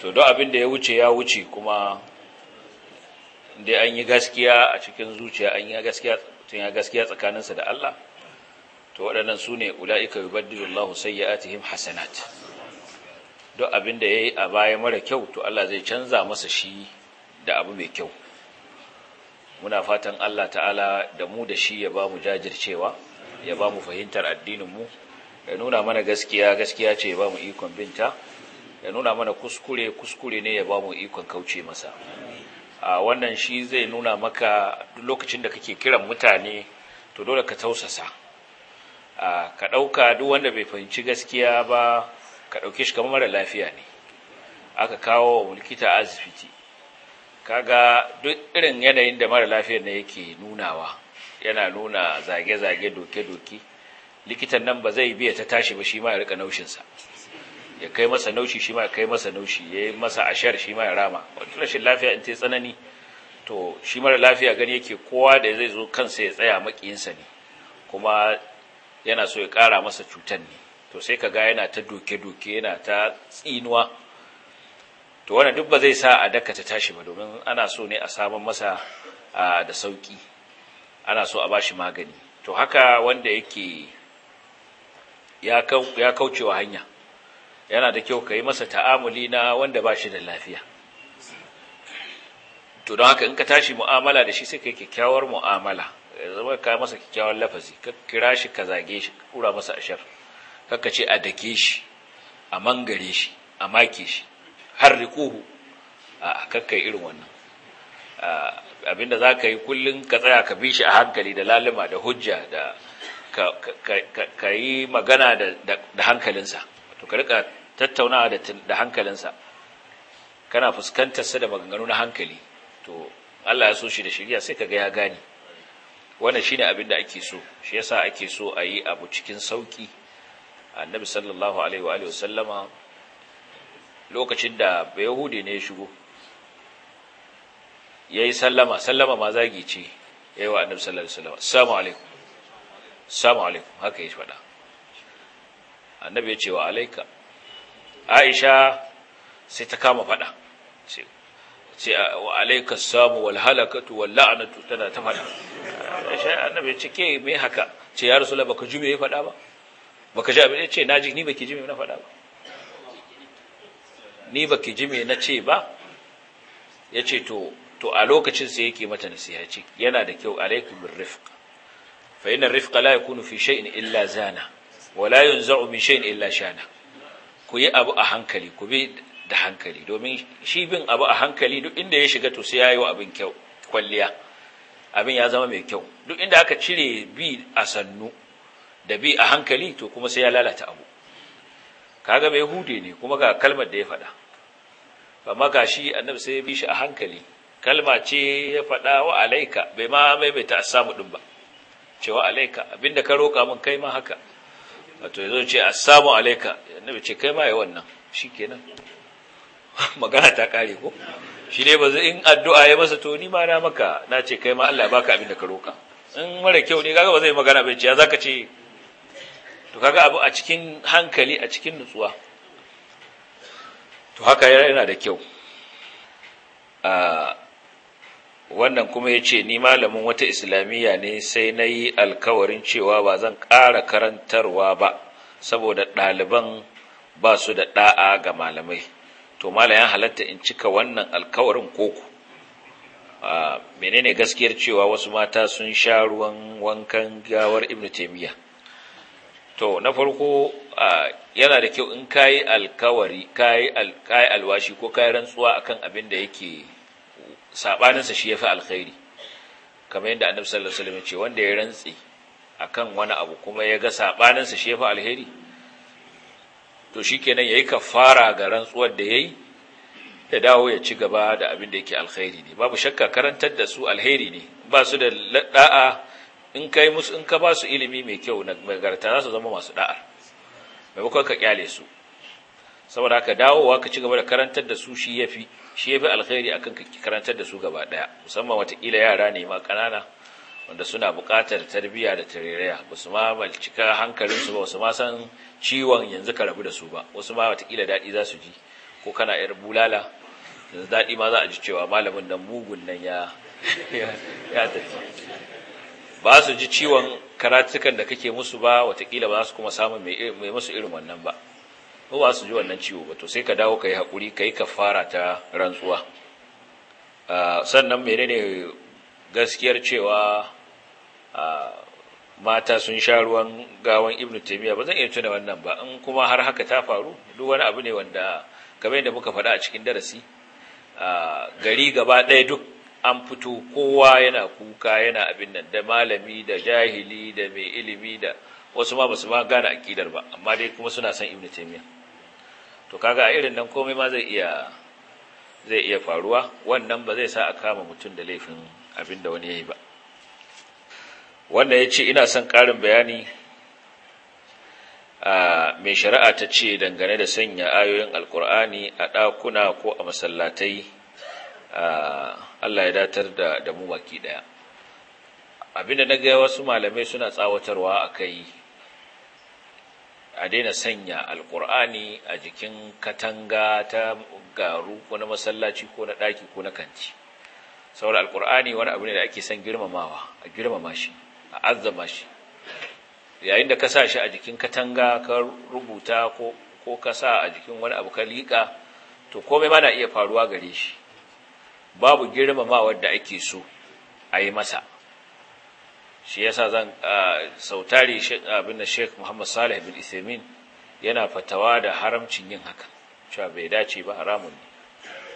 to don abin da ya wuce ya wuce kuma da an yi gaskiya a cikin zuciya an yi gaskiya tun ya gaskiya tsakaninsa da Allah to waɗannan su ne ula'ika yubaddilu ya sayyi'atihim hasanat don abin da yayi a baya mara kyau to Allah zai canza masa shi da abu mai kyau muna fatan Allah ta'ala da mu da shi ya ba mu jajircewa ya ba mu fahimtar mu ya nuna mana gaskiya gaskiya ce ya ba mu ikon binta ya nuna mana kuskure kuskure ne ya ba mu ikon kauce masa a wannan shi zai nuna maka duk lokacin da kake kiran mutane to dole ka tausasa a ka ɗauka duk wanda bai fahimci gaskiya ba ka ɗauke shi kamar mara lafiya ne aka kawo wa likita asibiti kaga duk irin yanayin da mara lafiyar ne yake nunawa yana nuna zage-zage doke-doke likitan nan ba zai biya ta tashi ba shi ma ya rika naushinsa ya kai masa naushi shi ma ya kai masa naushi ya yi masa ashar shi ma ya rama Wani rashin lafiya in ta tsanani to shi mara lafiya gani yake kowa da zai zo kansa ya tsaya makiyinsa ne kuma yana so ya kara masa cutan ne to sai ka ga yana ta doke-doke yana ta tsinuwa to wannan duk ba zai sa a daka ta tashi ba domin ana so ne a samun masa da sauki ana so a bashi magani to haka wanda yake ya kaucewa hanya yana da kyau ka yi masa ta'amuli na wanda ba shi da lafiya to don haka in ka tashi mu'amala da shi sai ka yi kyakkyawar mu'amala zama ka masa kyakkyawar lafazi ka kira shi ka zage shi ka kura masa ashar kakka ce a dake shi a mangare shi a make shi harrikuhu a kakkai irin wannan abinda za ka yi kullum ka tsaya ka bi shi a hankali da lalima da hujja da ka yi magana da hankalinsa to ka rika tattaunawa da hankalinsa kana fuskantarsa da maganganu na hankali to Allah ya so shi da shirya sai ka ga ya gane wannan shine abin da ake so shi yasa ake so a yi abu cikin sauki annabi sallallahu alaihi wa sallama lokacin da yahudi ne ya shigo ya yi sallama sallama ma zagi ce ya yi wa annabi sallallahu alaihi wasallam assalamu alaikum assalamu alaikum haka ya faɗa annabi ya ce wa alaika aisha sai ta kama faɗa sai wa alaika samu wal halakatu wal la'natu tana ta faɗa aisha annabi ya ce ke me haka ce ya rasulullah baka jume ya faɗa ba baka ji abin ya ce naji ni baki jume na faɗa ba ni baki ji me na ce ba ya ce to a lokacin sai yake mata nasiha ce yana da kyau alaikum bir rifq fa ina rifqa la yakunu fi shay'in illa zana wa la yunza'u min shay'in illa shana ku yi abu a hankali ku bi da hankali domin shi bin abu a hankali duk inda ya shiga to sai yayi wa abin kyau kwalliya abin ya zama mai kyau duk inda aka cire bi a sannu da bi a hankali to kuma sai ya lalata abu kaga mai hude ne kuma ga kalmar da ya faɗa amma ga shi annabi sai ya bi shi a hankali kalma ce ya faɗa wa alaika bai ma maimaita samu ɗin ba cewa alaika abinda ka roƙa min kai ma haka wato ya zo ce samu alaika annabi ce kai ma ya wannan shi kenan magana ta ƙare ko shi ne ba zai in addu'a ya masa to ni ma na maka na ce kai ma Allah ya baka abinda ka roƙa in mara kyau ne kaga ba zai magana bai ce ya zaka ce to kaga abu a cikin hankali a cikin nutsuwa to haka yana da kyau ah, wannan kuma ya ce ni malamin wata islamiyya ne sai na yi alkawarin cewa ba zan ƙara karantarwa ba saboda ɗaliban ba su da ɗa'a ga malamai to malayan halatta in cika wannan alkawarin koko ah, menene gaskiyar cewa wasu mata sun sha ruwan wankan gawar ibnu taimiyya to na farko yana da kyau in kayi alkawari kayi alwashi ko kayi rantsuwa akan abin da yake sabaninsa shi yafi alkhairi kamar yadda annabi sallallahu alaihi wasallam ce wanda ya rantsi akan wani abu kuma ya ga sabaninsa shi yafi alheri to shi shikenan yayi kafara ga rantsuwar da ya yi, da dawo ya ci gaba da abin da yake alkhairi ne babu shakka karantar da su alheri ne ba su da da'a in kai musu in ka ba su ilimi mai kyau na garta za su zama masu Mai bakon ka kyale su saboda haka dawowa ka ci gaba da karantar da su shi fi shi yafi alkhairi akan ka karantar da su gaba daya musamman watakila yara ne ma kanana wanda suna buƙatar tarbiyya da tarairaya ba su ma malcika hankalinsu ba wasu ma san ciwon yanzu ka rabu da su ba wasu ma watakila daɗi za su ji ko kana yar bulala yanzu daɗi ma za a ji cewa malamin nan mugun nan ya ya tafi ba su ji ciwon karatukan da kake musu ba watakila ba su kuma samun mai musu irin wannan ba ko ba su ji wannan ciwo ba to sai ka dawo ka yi haƙuri ka yi kafara ta rantsuwa ah, sannan ne gaskiyar cewa ah, mata sun sha ruwan gawan ibnu taimiyya ba zan iya tuna wannan ba in kuma har haka ta faru duk wani abu ne wanda kamar yadda muka faɗa a cikin darasi ah, gari gaba ɗaya duk an fito kowa yana kuka yana abin nan da malami da jahili da mai ilimi da wasu ma basu ma gane akidar ba amma dai kuma suna son ibnu taymiya to kaga a irin nan komai ma zai iya zai iya faruwa wannan ba zai sa a kama mutum da laifin abin da wani yayi ba wanda ya ce ina son karin bayani a mai shari'a ta ce dangane da sanya ayoyin alkur'ani a ɗakuna ko a masallatai Ah, Allah ya datar da da mu baki daya abinda na ga wasu malamai suna tsawatarwa a kai, a daina sanya alkur'ani a jikin katanga ta garu ko na masallaci ko na daki ko na kanti saboda alkur'ani wani abu ne da ake san girmamawa a girmama shi a azzama shi yayin da ka sa shi a jikin katanga ka rubuta ko ka sa a jikin wani abu ka liƙa to komai ma na iya faruwa gare shi babu girmamawar da ake so a yi masa shi yasa zan sautari abin da Sheikh Muhammad Salih bin Uthaymeen yana fatawa da haramcin yin haka cewa bai dace ba haramun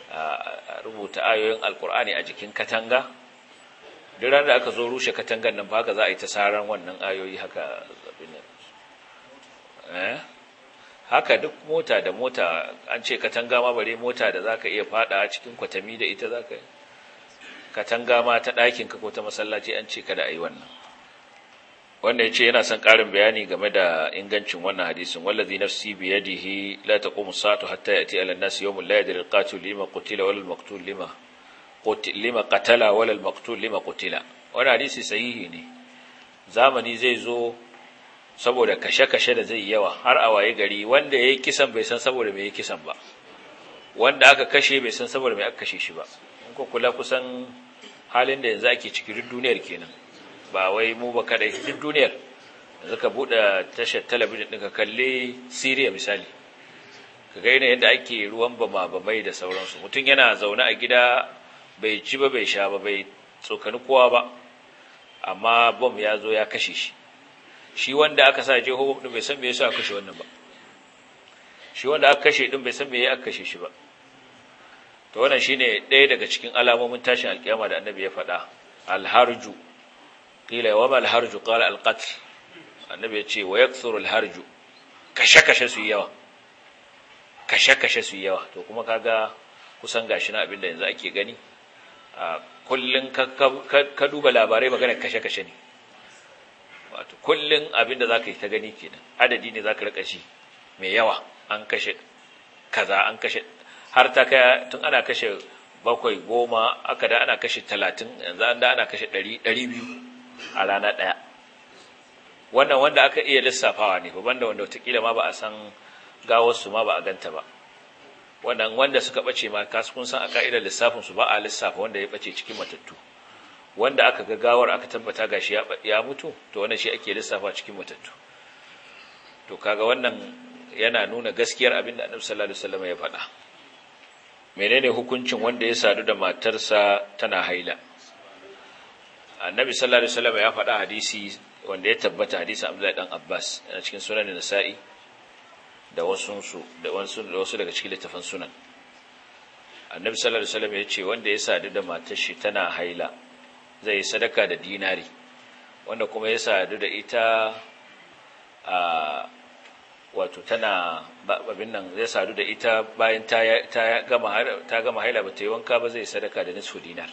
ne rubuta ayoyin alkur'ani a jikin katanga duran da aka zo rushe katangan nan ba haka za a yi ta saran wannan ayoyi haka abin eh haka duk mota da mota an ce katanga ma bare mota da zaka iya fada cikin kwatami da ita zaka katanga ma ta ɗakin ka ko ta masallaci an ce kada ayi wannan wanda yace yana son ƙarin bayani game da ingancin wannan hadisin wallazi nafsi bi yadihi la taqumu sa'atu hatta yati ala an-nas la yadri alqatil lima qutila wal maqtul lima qutila lima qatala wal maqtul lima qutila wannan hadisi sahihi ne zamani zai zo saboda kashe-kashe da zai yawa har a waye gari wanda ya yi kisan bai san saboda mai yi kisan ba wanda aka kashe bai san saboda mai aka kashe shi ba in ko kula kusan halin da yanzu ake ciki duk duniyar kenan ba wai mu ba kadai duk duniyar yanzu ka buɗe tashar talabijin ɗin ka kalli siriya misali ka ga yanayin yadda ake ruwan bama bamai da sauransu mutum yana zaune a gida bai ci ba bai sha ba bai tsokani kowa ba amma bom ya zo ya kashe shi shi wanda aka sa jeho din bai san me yasa aka kashe wannan ba shi wanda aka kashe din bai san me yasa aka kashe shi ba to wannan shine ɗaya daga cikin alamomin tashin alƙiyama da annabi ya faɗa alharju qila wa ma alharju qala alqatl annabi ya ce wa yaksuru alharju kashe kashe su yawa kashe kashe su yawa to kuma kaga kusan gashi na da yanzu ake gani a kullun ka duba labarai magana kashe kashe ne wato kullun abin da zaka yi ta gani kenan adadi ne zaka rika shi mai yawa an kashe kaza an kashe har ta kai tun ana kashe bakwai goma aka da ana kashe talatin yanzu an da ana kashe ɗari ɗari biyu a rana ɗaya wannan wanda aka iya lissafawa ne babban da wanda watakila ma ba a san gawarsu ma ba a ganta ba wannan wanda suka ɓace ma kasu kun san a ka'idar lissafinsu ba a lissafa wanda ya ɓace cikin matattu wanda aka ga gawar aka tabbata gashi ya mutu to wannan shi ake lissafa cikin matattu to kaga wannan yana nuna gaskiyar abin da annabi sallallahu alaihi wasallam ya faɗa menene hukuncin wanda ya sadu da matarsa tana haila annabi sallallahu alaihi wasallam ya faɗa hadisi wanda ya tabbata hadisi Abdullahi dan Abbas a cikin sunan Nasa'i da wasu da wasu da wasu daga cikin littafan sunan annabi sallallahu alaihi wasallam ya ce wanda ya sadu da matar shi tana haila zai sadaka da dinari wanda kuma ya sadu da ita a wato tana babin nan zai sadu da ita bayan ta gama haila ba ta yi wanka ba zai sadaka da nisfu dinar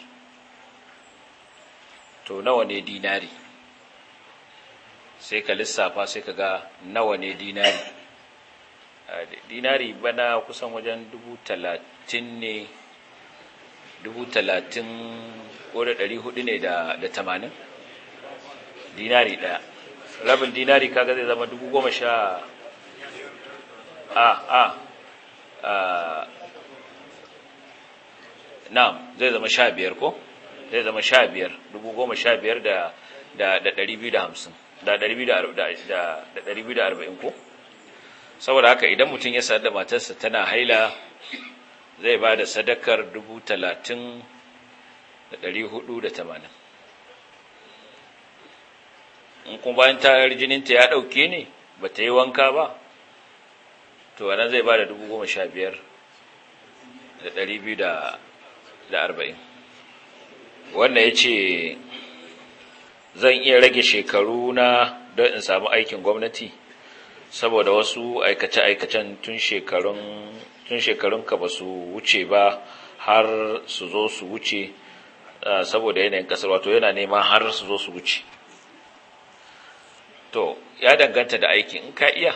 to nawa ne dinari sai ka lissafa sai ka ga nawa ne dinari dinari bana kusan wajen dubu talatin ne dubu talatin ko da 400 ne da 80 dinari daya rabin dinari kaga zai zama 10,000 a a a na'am zai zama 15 ko zai zama 15 biyar da da 250 da arba'in ko saboda haka idan mutum ya sadu da matarsa tana haila zai ba da sadakar dubu talatin da hudu da tamanin in kuma bayan tayar jininta ya ɗauke ne ba ta yi wanka ba to wannan zai ba da dubu goma sha biyar da ya ce zan iya rage shekaru na don in samu aikin gwamnati saboda wasu aikace-aikacen tun tun shekarunka ba su wuce ba har su zo su wuce Eh, saboda yanayin kasar wato yana neman har su zo su wuce to ya danganta da aikin in ka iya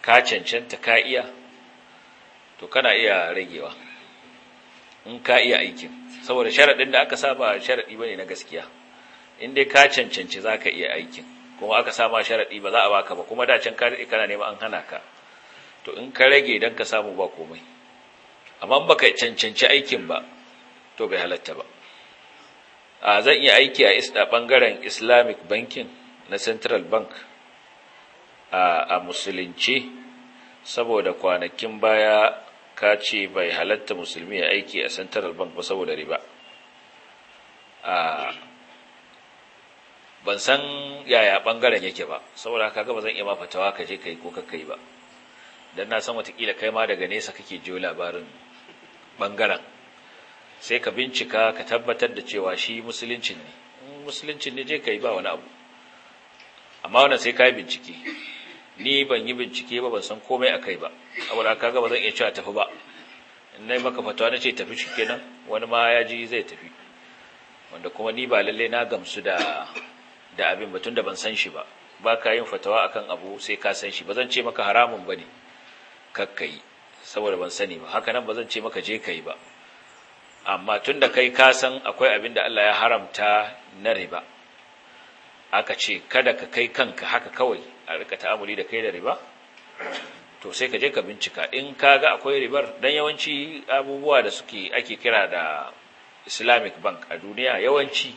ka cancanta ka iya to kana iya ragewa in ka iya aikin saboda sharaɗin da aka saba sharaɗi ba ne na gaskiya in dai ka cancanci za ka iya aikin kuma aka sama sharaɗi ba za a baka ba kuma dacin kana nema an hana ka to in ka rage don ka samu ba komai amma baka cancanci aikin ba to bai halatta ba a zan iya aiki a isda bangaren islamic banking na central bank a musulunci saboda kwanakin baya ka ce bai halatta musulmi ya aiki a central bank ba saboda riba ban san yaya bangaren yake ba saboda kaga ba zan iya mafatawa ka je kai ko ka kai ba don na san watakila kai ma daga nesa kake jiyo labarin bangaren sai ka bincika ka tabbatar da cewa shi musuluncin ne musuluncin ne je ka yi ba wani abu amma wannan sai ka yi bincike ni ban yi bincike ba ban san komai a kai ba saboda kaga ba zan iya cewa tafi ba in na maka fatawa na ce tafi shi kenan wani ma ya ji zai tafi wanda kuma ni ba lalle na gamsu da da abin batun da ban san shi ba ba ka yin fatawa akan abu sai ka san shi ba zan ce maka haramun ba ne saboda ban sani ba haka nan ba zan ce maka je ka yi ba amma tun da kai ka san akwai abin da Allah ya haramta na riba aka ce kada ka kai kanka haka kawai a rika ta'amuli da kai da riba to sai ka je ka bincika in ka ga akwai ribar dan yawanci abubuwa da suke ake kira da islamic bank a duniya yawanci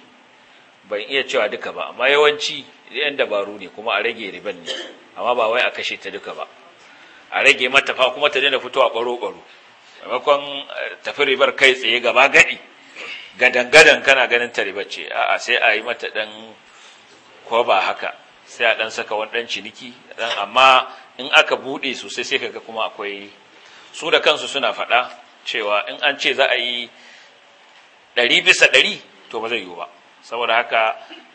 ban iya cewa duka ba amma yawanci yan dabaru ne kuma a rage riban ne amma ba wai a kashe ta duka ba a rage mata fa kuma ta daina fitowa baro-baro maimakon eh, tafi ribar kai tsaye gaba gadi gadan-gadan kana ganin ta ribar ce a'a sai a yi mata dan ba haka sai a dan saka wani dan ciniki dan amma in aka bude sosai sai kaga kuma akwai su da kansu suna faɗa cewa in an ce za a yi ɗari bisa ɗari to ba zai yiwu ba saboda haka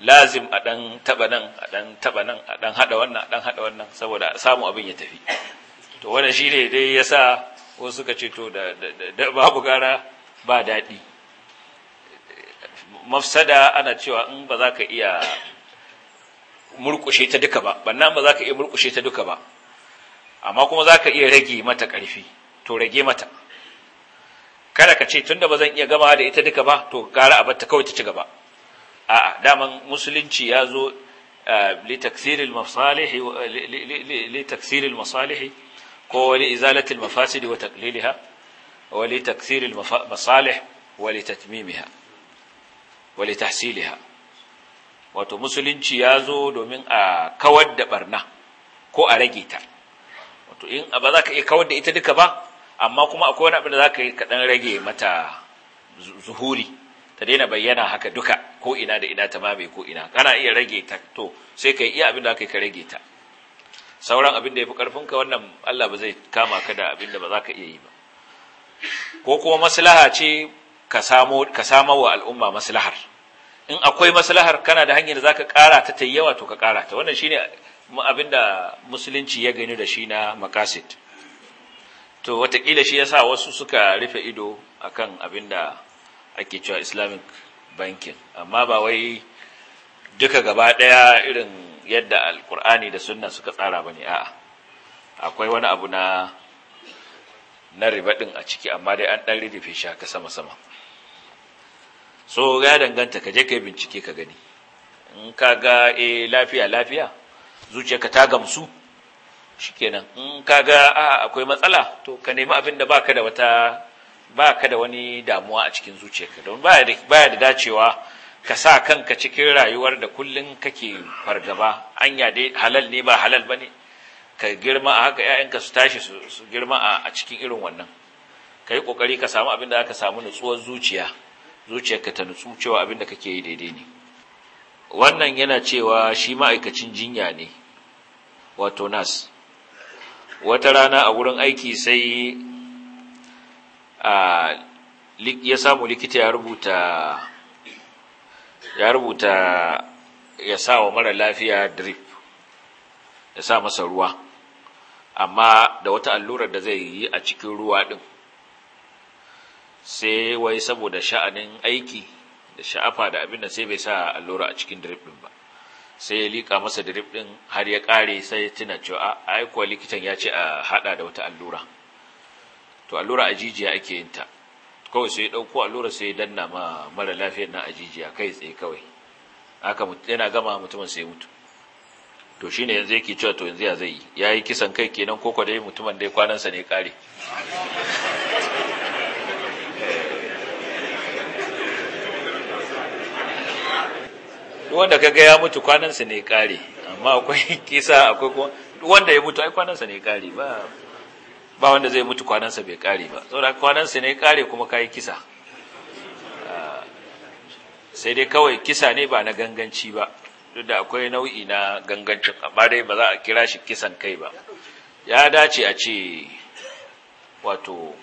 lazim a ɗan taɓa nan a ɗan taɓa nan a ɗan haɗa wannan a ɗan haɗa wannan saboda samu abin ya tafi to wannan shi ne dai ya wasu suka ce to da babu gara ba daɗi mafsada ana cewa in ba za ka iya murkushe ta duka ba bannan ba za ka iya murkushe ta duka ba amma kuma za ka iya rage mata ƙarfi to rage mata kada ka ce tunda ba zan iya gama da ita duka ba to gara a batta kawai ta ci gaba a'a daman musulunci ya zo eh, li taksiril li taksiril masalihi ko wani izalatil mafasidi wa taqliliha wa li takthiril masalih wa li tatmimiha wa li tahsiliha wato musulunci ya zo domin a kawar da barna ko a rage ta wato in ba za ka iya kawar da ita duka ba amma kuma akwai wani abin da za ka yi kaɗan rage mata zuhuri ta daina bayyana haka duka ko ina da ina ta mame ko ina kana iya rage ta to sai ka yi iya abin da ka yi ka rage ta sauran abin da ya fi ƙarfinka wannan Allah ba zai kama ka da abin da ba za ka iya yi ba ko kuma maslaha ce ka samo wa al'umma maslahar in akwai maslahar kana da hanyar za ka ƙara ta ta yawa to ka ƙara ta wannan shi ne abin da musulunci ya gani da shi na makasit to watakila shi ya sa wasu suka rufe ido akan abin da ake cewa islamic banking amma ba wai duka gaba ɗaya irin yadda alkur'ani da sunna suka tsara bane a akwai wani abu na na riba a ciki amma dai an dan ridife shi haka sama sama so ya danganta ka je kai bincike ka gani in ka ga eh lafiya lafiya zuciyarka ta gamsu shikenan in ka ga a akwai matsala to ka nemi abin da baka da wata baka da wani damuwa a cikin zuciyarka don baya baya da dacewa ka sa kanka cikin rayuwar da kullun kake fargaba anya dai halal ne ba halal ba ne ka girma a haka ‘ya'yanka su tashi su girma a cikin irin wannan ka yi ƙoƙari ka samu abin da aka samu nutsuwar zuciya zuciya ka ta nutsu cewa abin da kake yi daidai ne wannan yana cewa shi ma'aikacin jinya ne wato nas wata rana a wurin aiki sai ya samu likita ya rubuta ya rubuta ya sa wa mara lafiya drip ya sa masa ruwa amma da wata allurar da zai yi a cikin ruwa ɗin sai wai saboda sha'anin aiki da sha'afa da abin da sai bai sa allura a cikin drip ɗin ba sai ya lika masa drip ɗin har ya kare sai ya tuna cewa aikuwa likitan ya ce a haɗa da wata allura to allura a jijiya ake yin ta kawai sai ɗauko allura sai danna ma mara lafiyar na ajijiya kai tsaye kawai haka yana gama mutumin sai mutu to shine yanzu yake cewa to yanzu ya zai yi ya yi kisan kai kenan ko dai mutumin dai kwanansa ne kare wanda kaga ya mutu kwanansa ne kare amma akwai kisa akwai kuma wanda ya mutu ai kwanansa ne kare ba ba wanda zai mutu kwanansa bai kare ba saboda kwanansa ne kare kuma kayi kisa ah, sai dai kawai kisa ne ba na ganganci ba duk da akwai nau'i na gangancin amma dai ba za a kira shi kisan kai ba ya dace a ce wato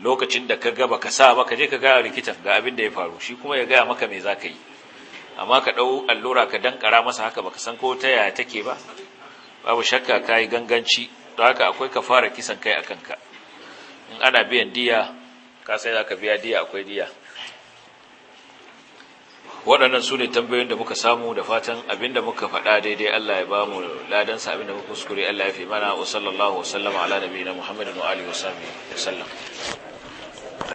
lokacin da ka gaba ka sa ba ka je ka ga rikitan ga abin da ya faru shi kuma ya gaya maka me za ka yi amma ka ɗau allura ka dankara masa haka baka san ko ta yaya take ba babu shakka ka yi ganganci don haka akwai ka fara kisan kai a kanka in ana biyan diya ka sai za ka biya diya akwai diya waɗannan su ne tambayoyin da muka samu da fatan abinda muka faɗa daidai Allah ya ba mu ladansa abinda muka kuskure Allah ya fi mana wa sallallahu wa sallama ala nabiyina Muhammadin wa alihi wa sallam